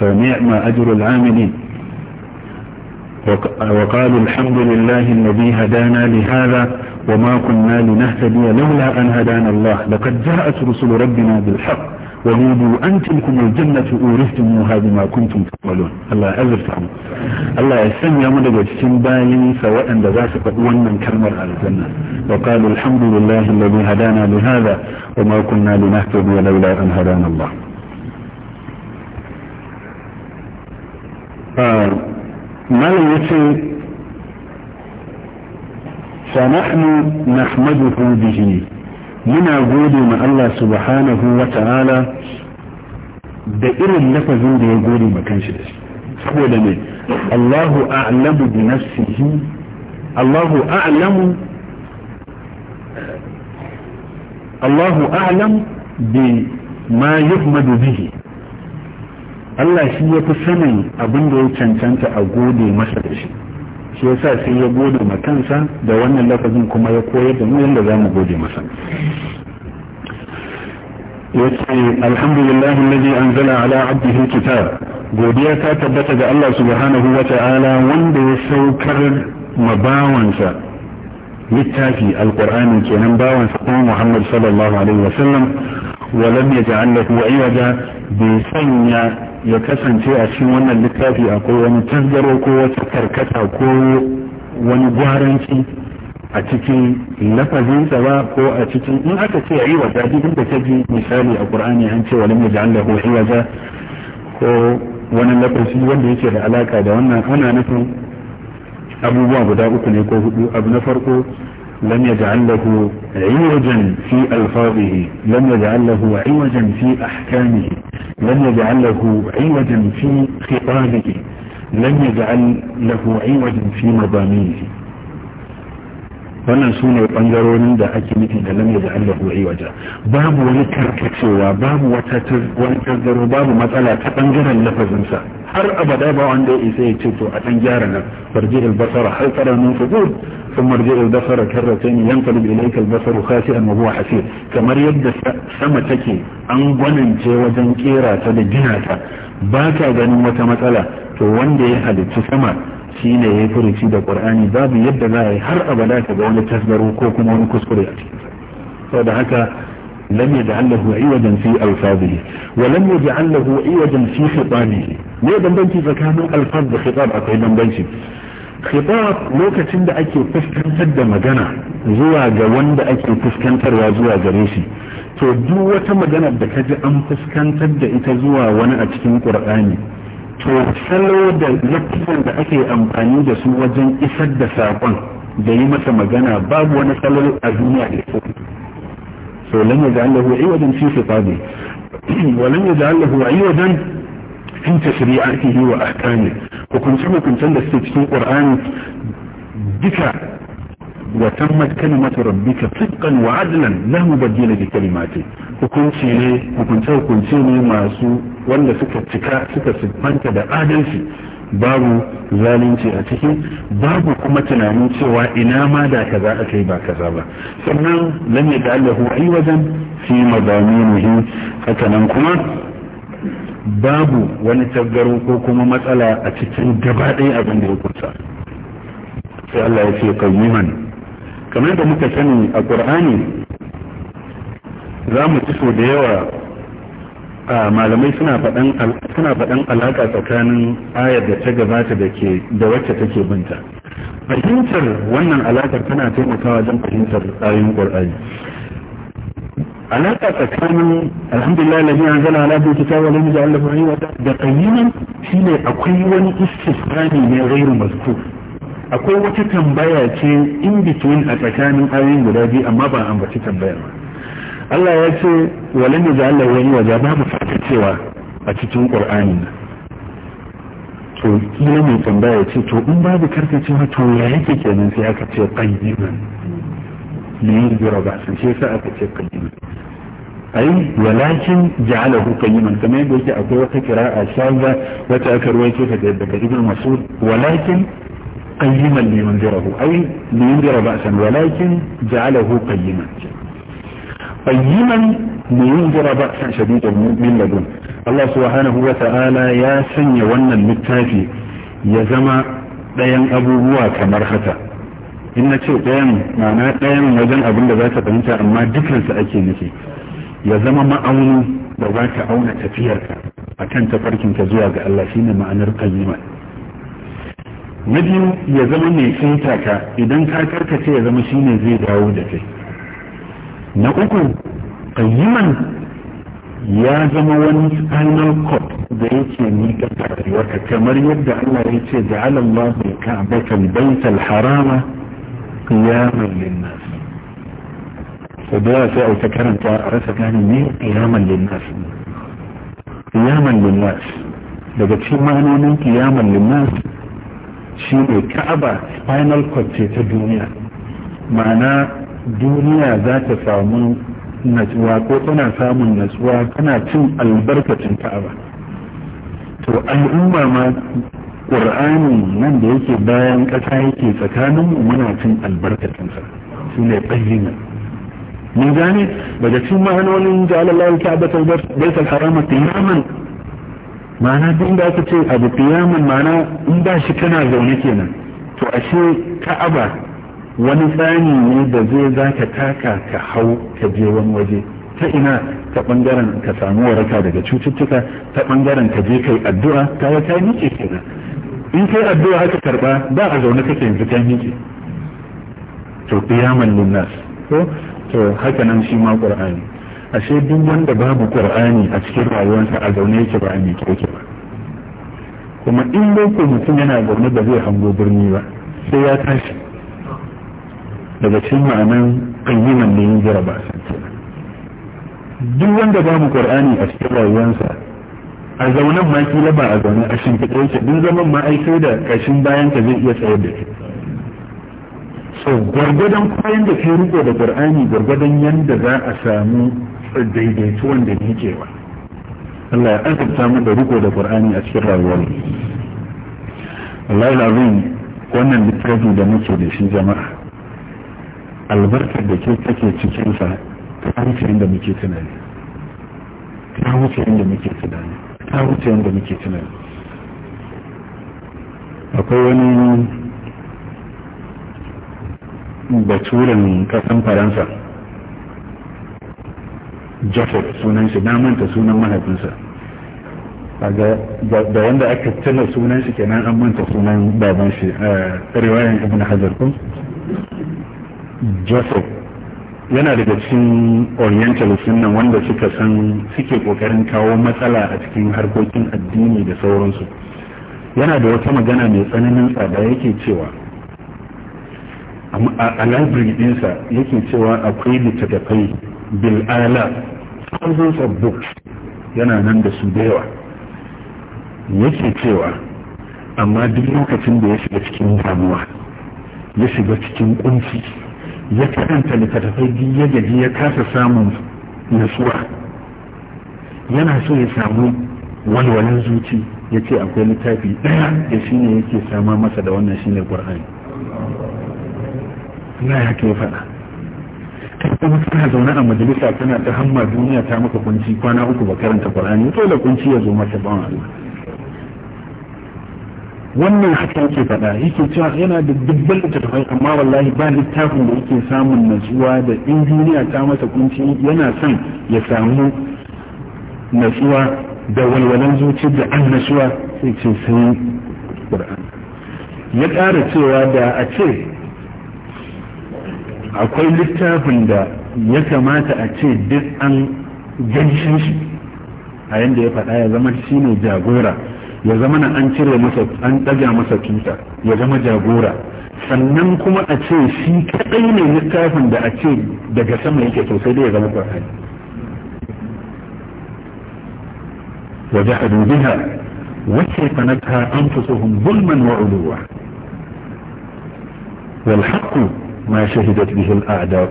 فنعم أجر العاملين وقالوا الحمد لله الذي هدانا لهذا وما كنا لنهتدي لولا أن هدانا الله لقد جاءت رسل ربنا بالحق ونودوا أن تلكم الجنة أورثتموها بما كنتم تعملون الله أزرتهم الله يسلم يا وجسم باين سواء لذاك قدوانا كرمر على الجنة وقالوا الحمد لله الذي هدانا لهذا وما كنا لنهتدي لولا أن هدانا الله آه malam ya ce sanahnu nahmaduhu bihi muna gode ma Allah subhanahu wa ta'ala da irin lafazin da ya gode ma kanshi da shi saboda ne Allahu a'lamu bi nafsihi Allahu a'lamu Allahu a'lam bi ma yuhmadu bihi Allah shi ya fi sanin abin da ya cancanta a gode masa da shi shi yasa sai ya gode ma kansa da wannan lafazin kuma ya koyar da mu yadda za mu gode masa yace alhamdulillah alladhi anzala ala abdihi alkitab godiya ta tabbata ga Allah subhanahu wa ta'ala wanda ya saukar ma bawansa littafi alqur'ani kenan bawansa kuma Muhammad sallallahu alaihi wa sallam wa lam yaj'al lahu iwaja sanya ya kasance a cikin wannan littafi akwai wani tasgaro ko wata karkata ko wani gwaranci a cikin lafazinsa ba ko a cikin in aka ce yi wa dadi duk da ta misali a qur'ani an ce walam yaj'al lahu iwaja ko wani lafazi wanda yake da alaka da wannan ana nufin abubuwa guda uku ne ko hudu abu na farko لم يجعل له عوجا في ألفاظه لم يجعل له عوجا في أحكامه لم يجعل له عوجا في خطابه لم يجعل له عوجا في مضامينه wannan su ne ɓangarorin da ake nufi da lam yaj'al lahu iwaja babu wani karkacewa babu wata wani tazaro babu matsala ta ɓangaren lafazinsa har abada ba wanda ya isa ya ce to a ɗan gyara nan farji basara har tsara nun fujud ثم ارجع البصر كرتين ينقلب اليك البصر خاسئا وهو حسير كما يبدا سما ان wajen kera ta da gina ta ba ka ganin wata matsala to wanda ya halicci sama shi ne ya furuci da qur'ani babu yadda za a yi har abada ka ga wani tasgaro ko kuma wani kuskure a cikin saboda haka لم يجعل له عوجا في ألفاظه ولم يجعل له عوجا في خطابه ليه دنبنتي فكان الفاظ خطاب أقول دنبنتي khitab lokacin da ake fuskantar da magana zuwa ga wanda ake fuskantarwa zuwa gare shi to duk wata magana da kaji an fuskantar da ita zuwa wani a cikin qur'ani to salo da lafiyar da ake amfani da su wajen isar da saƙon da yi masa magana babu wani salo a duniya da ya so lam yaj'al lahu aywadan fi khitabi wa lam Allah lahu aywadan fi tashri'atihi wa ahkami hukunce hukuncen da suke cikin qur'ani duka wa tammat kalimatu rabbika sidqan wa adlan la mubaddila li kalimati hukunci ne hukunce hukunce ne masu wanda suka cika suka siffanta da adalci babu zalunci a ciki babu kuma tunanin cewa ina ma da kaza aka yi ba kaza ba sannan lam yadallahu aywajan fi madamihi haka nan kuma babu wani taggaro ko kuma matsala a cikin ɗaya abin da ya kusa sai Allah ya ce kayyiman kamar da muka sani a ƙur'ani za mu ci so da yawa a malamai suna faɗan alaƙa tsakanin ayar da ta gabata da wacce take binta fahimtar wannan alaƙar tana taimakawa wajen fahimtar ayoyin ƙur'ani alaka tsakanin alhamdulillah na biyan zana ala bai kita wa lamisa Allah ba yiwa da kayyinan shine akwai wani istisnani ne ghairu mazkur akwai wata tambaya in between a tsakanin ayoyin guda biyu amma ba an baci tambaya ba Allah ya ce wa lamisa Allah wa yiwa babu fata cewa a cikin to kila mai tambaya ce to in babu karkacewa to ya yake kenan sai aka ce qayyiman ne yi jira ba sun shi yasa aka ce qayyiman أي ولكن جعله قيما كما يقول أقوى قراءة شاذة وتأكر ويكيف تأبك ابن مسعود ولكن قيما لينذره أي لينذر بأسا ولكن جعله قيما قيما لينذر بأسا شديدا من لدن الله سبحانه وتعالى يا سني ون المتافي يا زما ديان أبو بوا كمرختا إن na ديان ɗayan ديان وزن أبو abin da أما دكرا fahimta amma ya zama ma'auni da za ta auna tafiyarka a kan tafarkinka zuwa ga Allah shine ma'anar kalima na biyu ya zama mai tsinta ka idan ka karkace ya zama shine zai dawo da kai na uku kayyiman ya zama wani final court da yake miƙa rayuwarka kamar yadda Allah ya ce ja'ala Allah bil ka'bata al-bayta harama qiyaman lin to da yawa sai a ta karanta a rasa gane ne qiyaman linnas qiyaman linnas daga cikin ma'anonin qiyaman linnas shi ne ka'aba spinal cord ce ta duniya ma'ana duniya za ta samu natsuwa ko tana samun natsuwa tana cin albarkacin ka'aba to al'umma ma ƙur'ani nan da yake bayan ƙasa yake tsakanin muna cin albarkacinsa su ne bayyana mun gane daga cikin ma'anonin da Allah ya ka'aba ta baita harama qiyaman ma'ana din da aka ce abu qiyaman ma'ana in ba shi kana zaune kenan to ashe ka'aba wani tsani ne da zai zaka taka ka hau ka je wani waje ta ina ta bangaren ka samu waraka daga cututtuka ta bangaren ka je kai addu'a ka ya kai nike kenan in kai addu'a haka karba ba a zaune kake yanzu kai nike to qiyaman linnas ko to haka nan shi ma qur'ani ashe duk wanda babu qur'ani a cikin rayuwarsa a zaune yake ba a miƙe ke ba kuma in dai ko mutum yana zaune ba zai hango birni ba sai ya tashi daga cikin ma'anan qayyiman da yin jira ba san duk wanda babu qur'ani a cikin rayuwarsa a zaunan ma kila ba a zaune a shimfiɗe yake duk zaman ma aiko da kashin bayan ka zai iya tsayar da kai so gwargwadon koyon da ke riko da qur'ani gwargwadon yanda za a samu daidaituwan da wa. Allah ya azurta samu da riko da qur'ani a cikin rayuwar Allah ya wannan littafi da muke da shi jama'a albarkar da ke take cikinsa ta wuce inda muke tunani ta wuce inda muke tunani ta wuce inda muke tunani akwai wani baturen kasan faransa jafet sunan shi na manta sunan mahaifinsa da wanda aka tana sunan shi kenan an manta sunan baban shi a eh, riwayan ibn hajar joseph yana daga cikin orientalist nan wanda suka san suke kokarin kawo matsala a cikin harkokin addini da sauransu yana da wata magana mai tsananin tsada yake cewa a library dinsa yake cewa akwai littattafai bil'ala thousands of books yana nan da su da yawa yake cewa amma duk lokacin da ya shiga cikin damuwa ya shiga cikin kunci ya karanta littattafai biyu ya gaji ya kasa samun nasuwa yana so ya samu walwalan zuci ya ce akwai littafi ɗaya da shi ne yake sama masa da wannan shine ƙwar'ani na haka ya faɗa ta zaune a majalisa tana ta hamma duniya ta maka kunci kwana uku ba karanta qur'ani to da kunci ya zo mata ban Allah wannan haka yake faɗa yake cewa yana da dubban littattafai amma wallahi ba littafin da yake samun natsuwa da in duniya ta masa kunci yana son ya samu natsuwa da walwalan zuci da natsuwa sai ce sai qur'ani ya ƙara cewa da a ce akwai littafin da ya kamata a ce duk an ganshin shi a yadda ya faɗa ya zama shi ne jagora ya zama na an cire masa an ɗaga masa tuta ya zama jagora sannan kuma a ce shi kaɗai ne littafin da a ce daga sama yake sosai da ya zama ƙwarhani waje a dubiha wacce fanata an fi tsohon bulman wa uluwa والحق ma shahidat bihi al'ada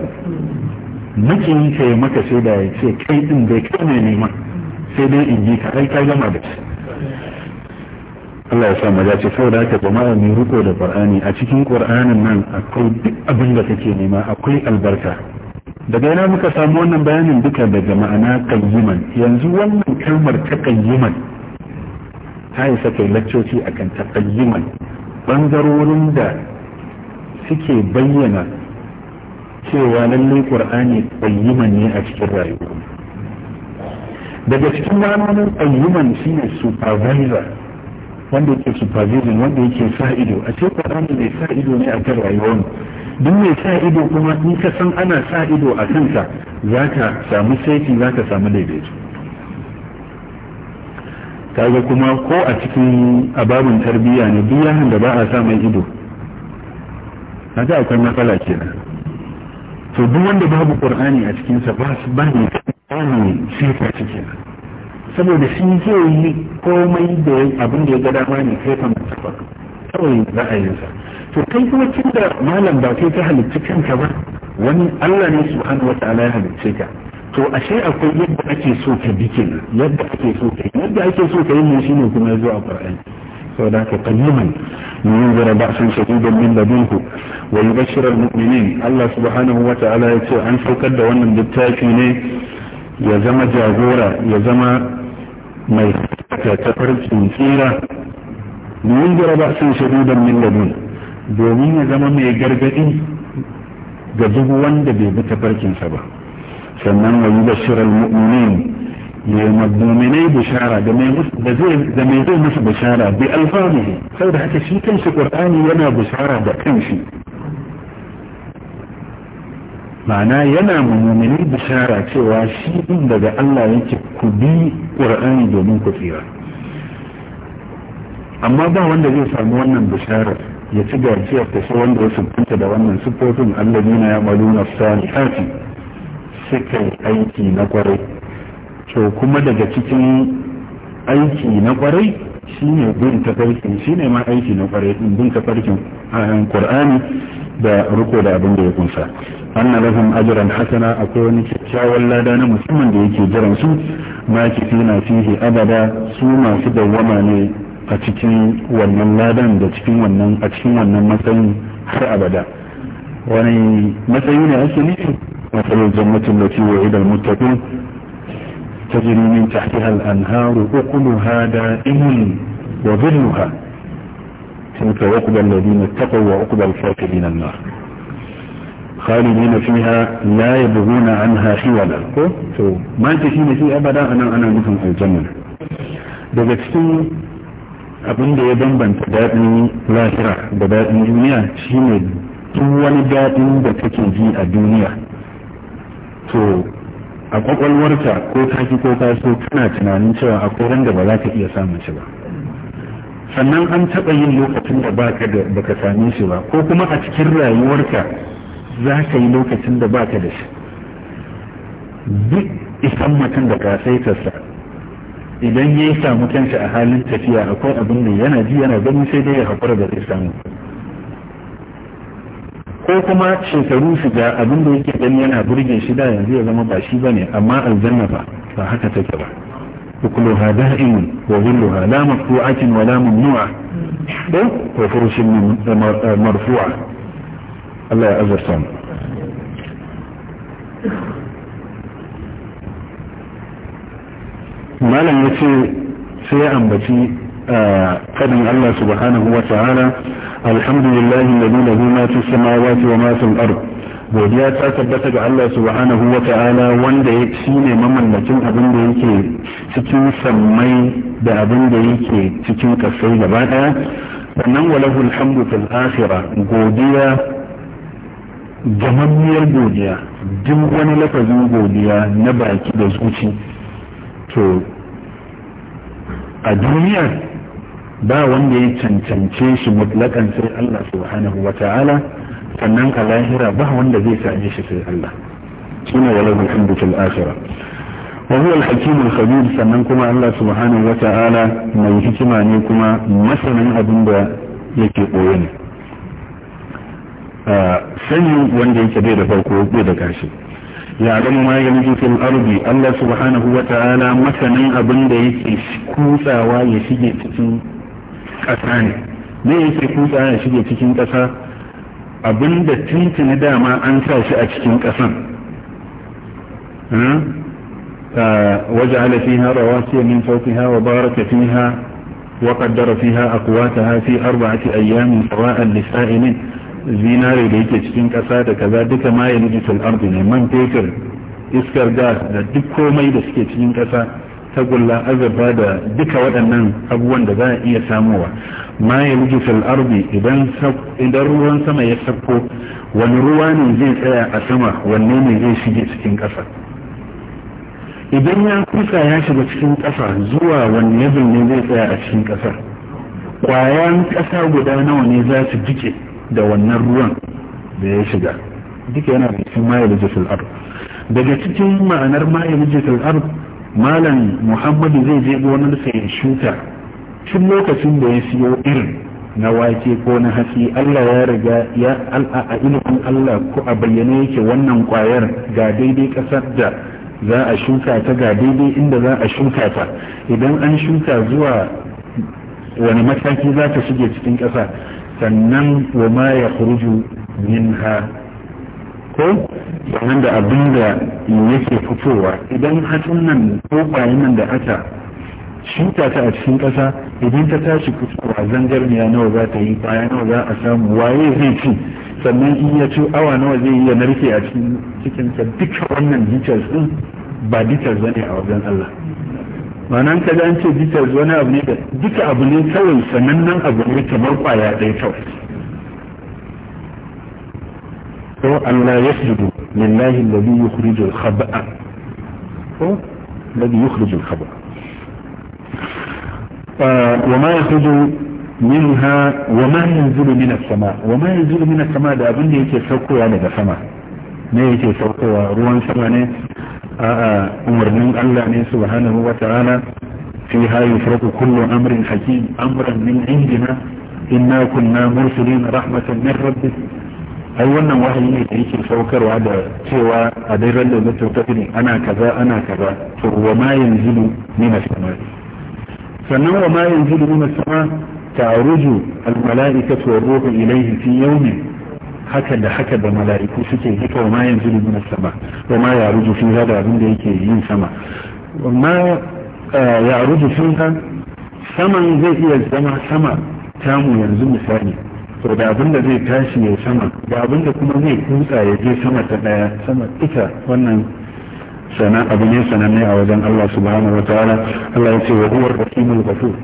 maki ka yi maka shaida ya ce kai din bai kai ne neman sai dai in ji ka ai ka gama da shi Allah ya sa mu dace saboda haka jama'a mai riko da Qur'ani a cikin Qur'anin nan akwai duk abin da kake nema akwai albarka daga yana muka samu wannan bayanin duka daga ma'ana qayyiman yanzu wannan kalmar ta qayyiman ta isa kai laccoci akan ta qayyiman bangarorin da suke bayyana cewa lallai ƙur'ani qayyiman ne a cikin rayuwa daga cikin ma'anonin shi ne supervisor wanda yake supervision wanda yake sa ido a ce ƙur'ani mai sa ido ne a kan rayuwar duk mai sa ido kuma in ka san ana sa ido a kansa za ka samu saiti za ka samu daidaito kaga kuma ko a cikin ababin tarbiyya ne duk da ba a sa mai ido kaga akwai matsala kenan to duk wanda babu qur'ani a cikin sa ba su bane sai ka cikin saboda shi ke yi komai da abin da ya ga dama ne kai fa mutafa kawai yi sa to kai kuma kin da malam ba kai ka halicci kanka ba wani Allah ne subhanahu wataala ya halicce ka to ashe akwai yadda ake so ka bi kenan yadda ake so ka yi yadda ake so ka yi ne kuma ya zo a qur'ani وذاك قيما لينذر بأسا شديدا من لدنه ويبشر المؤمنين الله سبحانه وتعالى يتسوى عن فوكد وانا بالتاكي ne ya zama jagora ya zama mai tafarkin tsira liyunzira ba sun shadudan domin ya zama mai gargadi ga duk wanda bai bi tafarkinsa ba sannan wa yubashshira al-mu'minin yawma mu'minai bishara da da zai musu bishara bi alfamihi saboda haka shi kanshi qur'ani yana bishara da kanshi ma'ana yana mummuni bishara cewa shi daga Allah yake ku bi Qur'ani domin ku tsira amma ba wanda zai sami wannan bisharar ya ci gajiyarta ta sai wanda ya sukunta da wannan sufofin allazina ya maluna salihati suka yi aiki na kwarai to kuma daga cikin aiki na kwarai shine bin tafarkin shine ma aiki na kwarai bin tafarkin qur'ani da riko da abin da ya kunsa anna lahum ajran hasana akwai wani kyakkyawan lada na musamman da yake jiran su ma kifina fihi abada su masu dawwama ne a cikin wannan ladan da cikin wannan a cikin wannan matsayin har abada wani matsayi ne ake nufi matsayin jannatin da ke wa'idar muttaqin تجري من تحتها الأنهار أكلها دائم وظلها تلك عقبى الذين اتقوا وعقبى الكافرين النار خالدين فيها لا يبغون عنها حولا ما تشين في أبدا أنا أنا مثل الجنة daga cikin abin da ya bambanta daɗin lahira da daɗin duniya shine duk wani daɗin da kake ji a duniya to a kwakwalwarta ko kaki ko kaso tana tunanin cewa akwai ran da ba za ka iya samun shi ba sannan an taɓa yin lokacin da baka da baka same shi ba ko kuma a cikin rayuwarka za ka yi lokacin da baka da shi duk isan mutum da ka idan ya samu kanshi a halin tafiya akwai abin da yana ji yana gani sai dai ya haƙura da zai samu ko kuma shekaru shiga abin da yake gani yana burge shi da yanzu ya zama ba shi bane amma aljanna ba ba haka take ba ukuluha da'imun wa dhilluha la maqtu'atin wa la mamnu'a da wa furushin marfu'a Allah ya azurta mu malam yace sai ambaci قدم الله سبحانه وتعالى الحمد لله الذي له ما في السماوات وما في الأرض godiya ta tabbata ga Allah subhanahu wa ta'ala wanda ya shi ne mamallakin abin da yake cikin sammai da abin da yake cikin kasai gaba daya sannan walahu alhamdu fil akhirah godiya gamammiyar godiya duk wani lafazin godiya na baki da zuci to a duniya ba wanda ya cancance shi mutlakan sai Allah subhanahu wa ta'ala sannan a lahira ba wanda zai same shi sai Allah shine walahu alhamdu fil akhirah wa huwa al-hakim al-khabir sannan kuma Allah subhanahu wa ta'ala mai hikima ne kuma masanin abin da yake koyo ne ah, sani wanda yake bai da farko bai da kashi fil ardi Allah subhanahu wa ta'ala masanin abin da yake kutsawa ya shige cikin ƙasa ne me yake kusa ya shige cikin ƙasa abinda tuntun dama an sa shi a cikin ƙasan waje alafi ha وجعل فيها رواسي من فوقها وبارك فيها وقدر فيها أقواتها في ayyamin أيام a lissa'inin zinare da yake cikin ƙasa da kaza duka ma ya nuji ne man fetur iskar gas da duk komai da suke cikin ƙasa tagulla azurfa da duka waɗannan abubuwan da za a iya samowa ma ya wuce idan ruwan sama ya sako wani ruwa ne zai tsaya a sama wanne ne zai shige cikin ƙasa idan ya kusa ya shiga cikin ƙasa zuwa wani yabin ne zai tsaya a cikin ƙasa ƙwayan ƙasa guda nawa ne za su jike da wannan ruwan da ya shiga duka yana cikin ma ya daga cikin ma'anar ma ya wuce malam muhammadu zai je gonarsa ya shuka tun lokacin da ya siyo irin na wake ko na hatsi Allah ya riga ya a ilimin Allah ko a bayyane yake wannan kwayar ga daidai kasar da za a shuka ta ga daidai inda za a shuka ta idan an shuka zuwa wani mataki za ta shige cikin ƙasa sannan wa ma ya minha ko sannan da abin da yake fitowa idan hatsin nan ko nan da aka shuka ta a cikin ƙasa idan ta tashi fitowa zangarniya nawa za ta yi ƙwaya nawa za a samu waye zai ci sannan in ya ci awa nawa zai iya narke a cikin ta duka wannan details din ba details zane a wajen Allah ma'anan kada an ce details wani abu ne da duka abu ne kawai sanannen abu ne kamar kwaya ɗaya kawai o Allah ya sujudu lillahi alladhi yukhrij al-khaba'a ko alladhi yukhrij al-khaba'a wa uh, wa ma min as-sama min sama da abin da yake saukowa daga sama ne yake saukowa ruwan sama ne a'a umarnin Allah ne subhanahu wa ta'ala فيها يفرق كل أمر حكيم أمرا من عندنا إنا كنا مرسلين رحمة من ربك ai wannan wahayi ne da yake saukarwa da cewa a dai da na ne ana kaza ana kaza to wa ma yanzu ne na sama sannan wa ma yanzu ne na sama ta'aruju al malaika wa ruhu ilayhi fi yawmin haka da haka da mala'iku suke hito wa ma yanzu ne na sama wa ma yaruju fi hada abin da yake yin sama wa ma eh, yaruju fi saman zai iya zama sama tamu yanzu misali to da abin da zai tashi ya sama da abin da kuma zai kutsa ya je sama ta daya sama ita wannan sana abu ne sananne a wajen Allah subhanahu wa ta'ala Allah ya ce wa huwa rahimul ghafur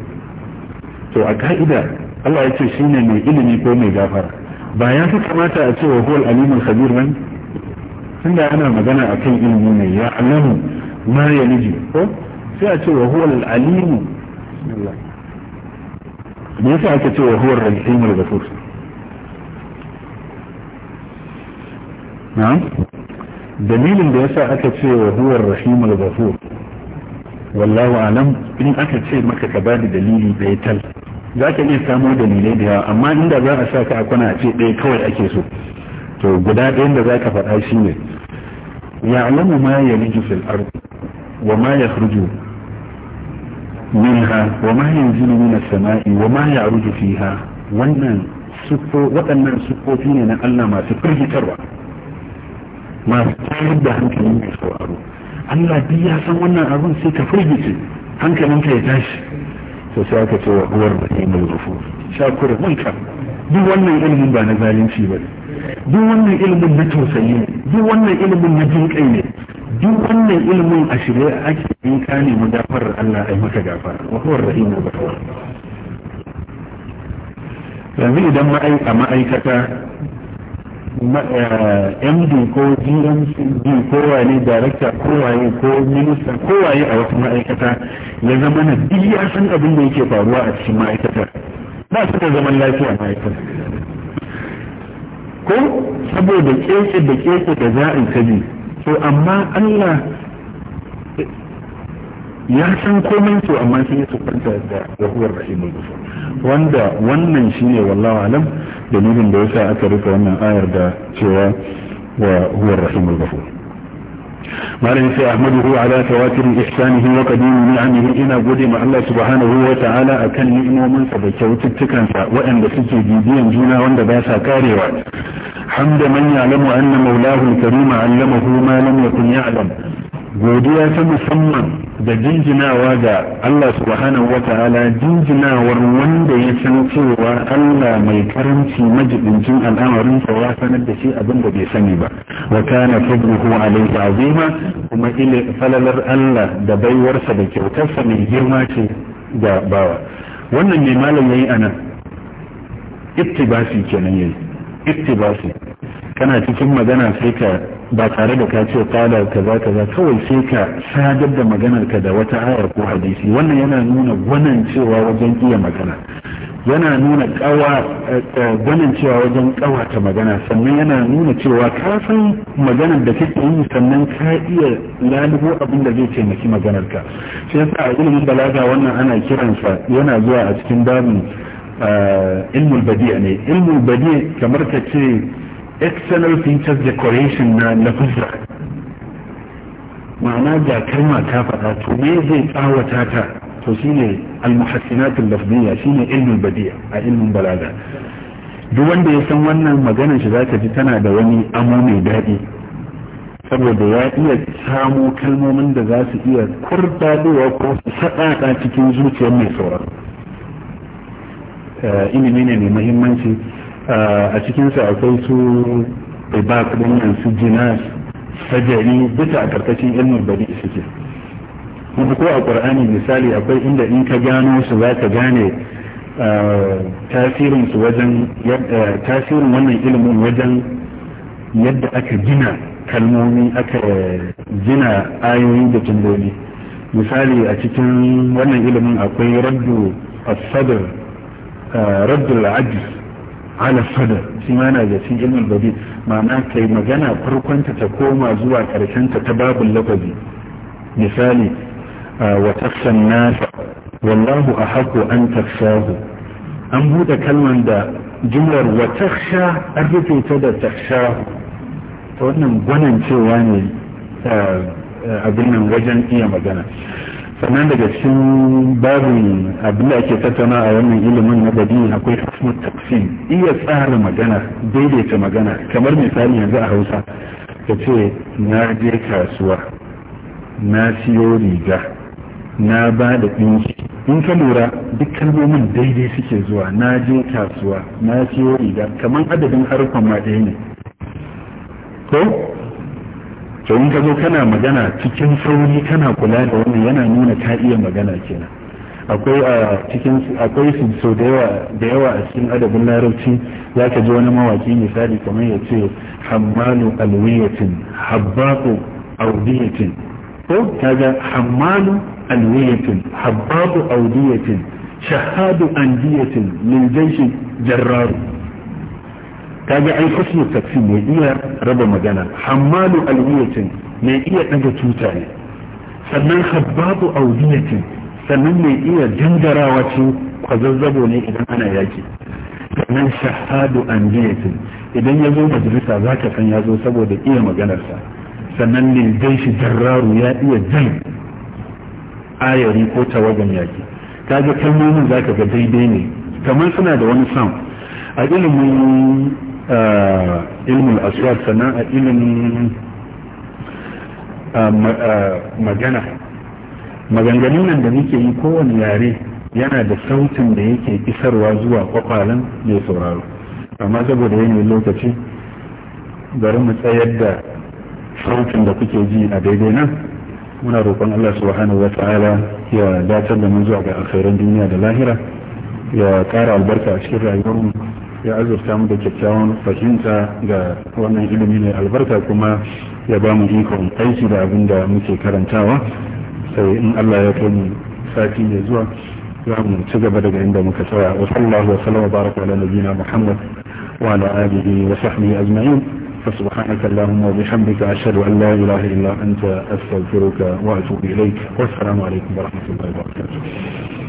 to a ka'ida Allah ya ce shine mai ilimi ko mai gafara ba ya fi kamata a ce wa huwa alimul khabir ban tunda ana magana akan ilimi ne ya alamu ma ya niji ko sai a ce wa huwa alimu bismillah me yasa aka ce wa huwa rahimul ghafur dalilin da yasa aka ce wa huwar rahimul ghafur wallahu alam in aka ce maka ka bada dalili ɗaya tal za ka iya samo dalilai da yawa amma inda za a sa ka a kwana a ce ɗaya kawai ake so to guda ɗaya da za ka faɗa shi ne alamu ma yaliju fil ardi wa ma yakhruju minha wa ma yanzilu min samai wa ma ya fiha wannan waɗannan sufofi ne na Allah masu firgitarwa masu tayar da hankalin da sauraro Allah duk ya san wannan abin sai ka firgice hankalinka ya tashi to sai aka ce wa uwar mai rufu shakura munka duk wannan ilimin ba na zalunci ba duk wannan ilimin na tausayi ne duk wannan ilimin na kai ne duk wannan ilimin a shirye ake yin ka ne mu gafarar Allah ai maka gafara wa huwa rahimul ghafur yanzu idan ma'aikata md eh, ko gmd ko wane darakta ko waye ko minista ko waye a wata ma'aikata ya zama na duk ya san abin da yake faruwa a cikin ma'aikatar ba su da zaman lafiya ma'aikata ko saboda keke da keke da za a kaji to amma allah ya san komai to amma sai ya tukunta da rahuwar rahimul wanda wannan shine wallahu alam dalilin da yasa aka rufe wannan ayar da cewa wa huwa rahimul ghafur malam sai ahmadu hu ala tawatir ihsanihi wa qadim ni'amihi ina gode ma Allah subhanahu wa ta'ala akan ni'imomin sa da kyaututtukan sa waɗanda suke bibiyan juna wanda ba sa karewa hamda man ya'lamu anna maulahu al-karim 'allamahu ma lam yakun ya'lam godiya ta musamman da jinjinawa ga Allah subhanahu wa ta'ala jinjinawar wanda ya san cewa Allah mai karanci majibincin al'amarinsa ya sanar da shi abin da bai sani ba wa kana fadluhu alayhi azima kuma ile falalar Allah da baiwarsa da kyautarsa mai girma ce ga bawa wannan ne malam yayi anan ittibasi kenan yayi ittibasi kana cikin magana sai ka ba tare da ka ce kala kaza kaza kawai sai ka sadar da maganar ka da wata ayar ko hadisi wannan yana nuna gwanan cewa wajen iya magana yana nuna kawa eh, eh, gwanan cewa wajen kawata magana sannan yana nuna cewa ka san maganar da kake yi sannan ka iya lalubo abin da zai taimaki maganar ka shi yasa a ilimin balaga wannan ana kiransa yana zuwa a cikin babin eh, ilmul badi ne ilmul badi kamar ka ce external features decoration na na fuska ma'ana ga kalma ta faɗa to me zai tsawata ta to shine al-muhassinatul shine ilmul badiya a ilmin balaga duk wanda ya san wannan maganar shi zaka ji tana da wani amo mai daɗi saboda ya iya samo kalmomin da za su iya kurdadowa ko su saɗaɗa cikin zuciyar mai sauraro eh, ilimi ne mai muhimmanci a cikinsa akwai su ibak nan su jinas sajari duka a karkashin ilmin bari suke kuma ko a qur'ani misali akwai inda in ka gano su za ka gane tasirin su wajen tasirin wannan ilimin wajen yadda aka gina kalmomi aka gina ayoyi da jimloli misali a cikin wannan ilimin akwai raddu as-sadr raddu al-ajz ala sadar shi ma na da cikin ilmin babi ma'ana kai magana farkonta ta koma zuwa karshenta ta babu lafazi misali ah, wa tafsan nasa wallahu ahaku an tafsahu an buɗe kalman da jumlar wa tafsha an rufe ta da tafshahu ta wannan gwanan cewa ne ah, ah, abin nan wajen iya magana sannan daga cikin babin abin da ake tattauna a wannan ilimin na gadi akwai hikmat tafsir iya tsara magana daidaita magana kamar misali yanzu a Hausa ka ce na je kasuwa na siyo riga na ba da ɗinki in ka lura duk kalmomin daidai suke zuwa na je kasuwa na siyo riga kamar adadin harfan ma ɗaya ne ko to in ka zo kana magana cikin sauri kana kula da wannan yana nuna ta iya magana kenan akwai a cikin akwai su so da yawa da yawa a cikin adabin larabci zaka ka ji wani mawaki misali kamar ya ce hammalu alwiyatin habbaku audiyatin ko kaga hammalu alwiyatin habbaku audiyatin shahadu andiyatin min jaishi jarraru kaga ai kusur taksi mai iya raba magana hammalu alwiyatin mai iya daga tuta ne sannan habbabu audiyatin sannan mai iya jangarawa ce kwazazzabo ne idan ana yaki sannan shahadu anjiyatin idan ya zo majalisa za ka san ya zo saboda iya maganarsa sannan ne dai shi jarraru ya iya jan ayari ko tawagan yaki kaga kalmomin za ka ga daidai ne kamar suna da wani sam a ilimin ilmin aswad sannan a ilimin magana maganganun nan da muke yi kowane yare yana da sautin da yake isarwa zuwa kwakwalen mai sauraro amma saboda yanayin lokaci bari mu tsayar da sautin da kuke ji a daidai nan muna roƙon Allah subhanahu wa ta'ala ya dace da mun zuwa ga alkhairan duniya da lahira ya ƙara albarka a cikin rayuwarmu ya azurta mu da kyakkyawan fahimta ga wannan ilimi ne albarka kuma ya ba mu ikon aiki da abin da muke karantawa sai in Allah ya kai mu sati mai zuwa za mu ci gaba daga inda muka tsaya wa sallallahu wa sallama baraka ala nabiyina muhammad wa ala alihi wa sahbihi ajma'in فسبحانك اللهم وبحمدك أشهد أن لا إله إلا أنت أستغفرك وأتوب إليك والسلام عليكم ورحمة الله وبركاته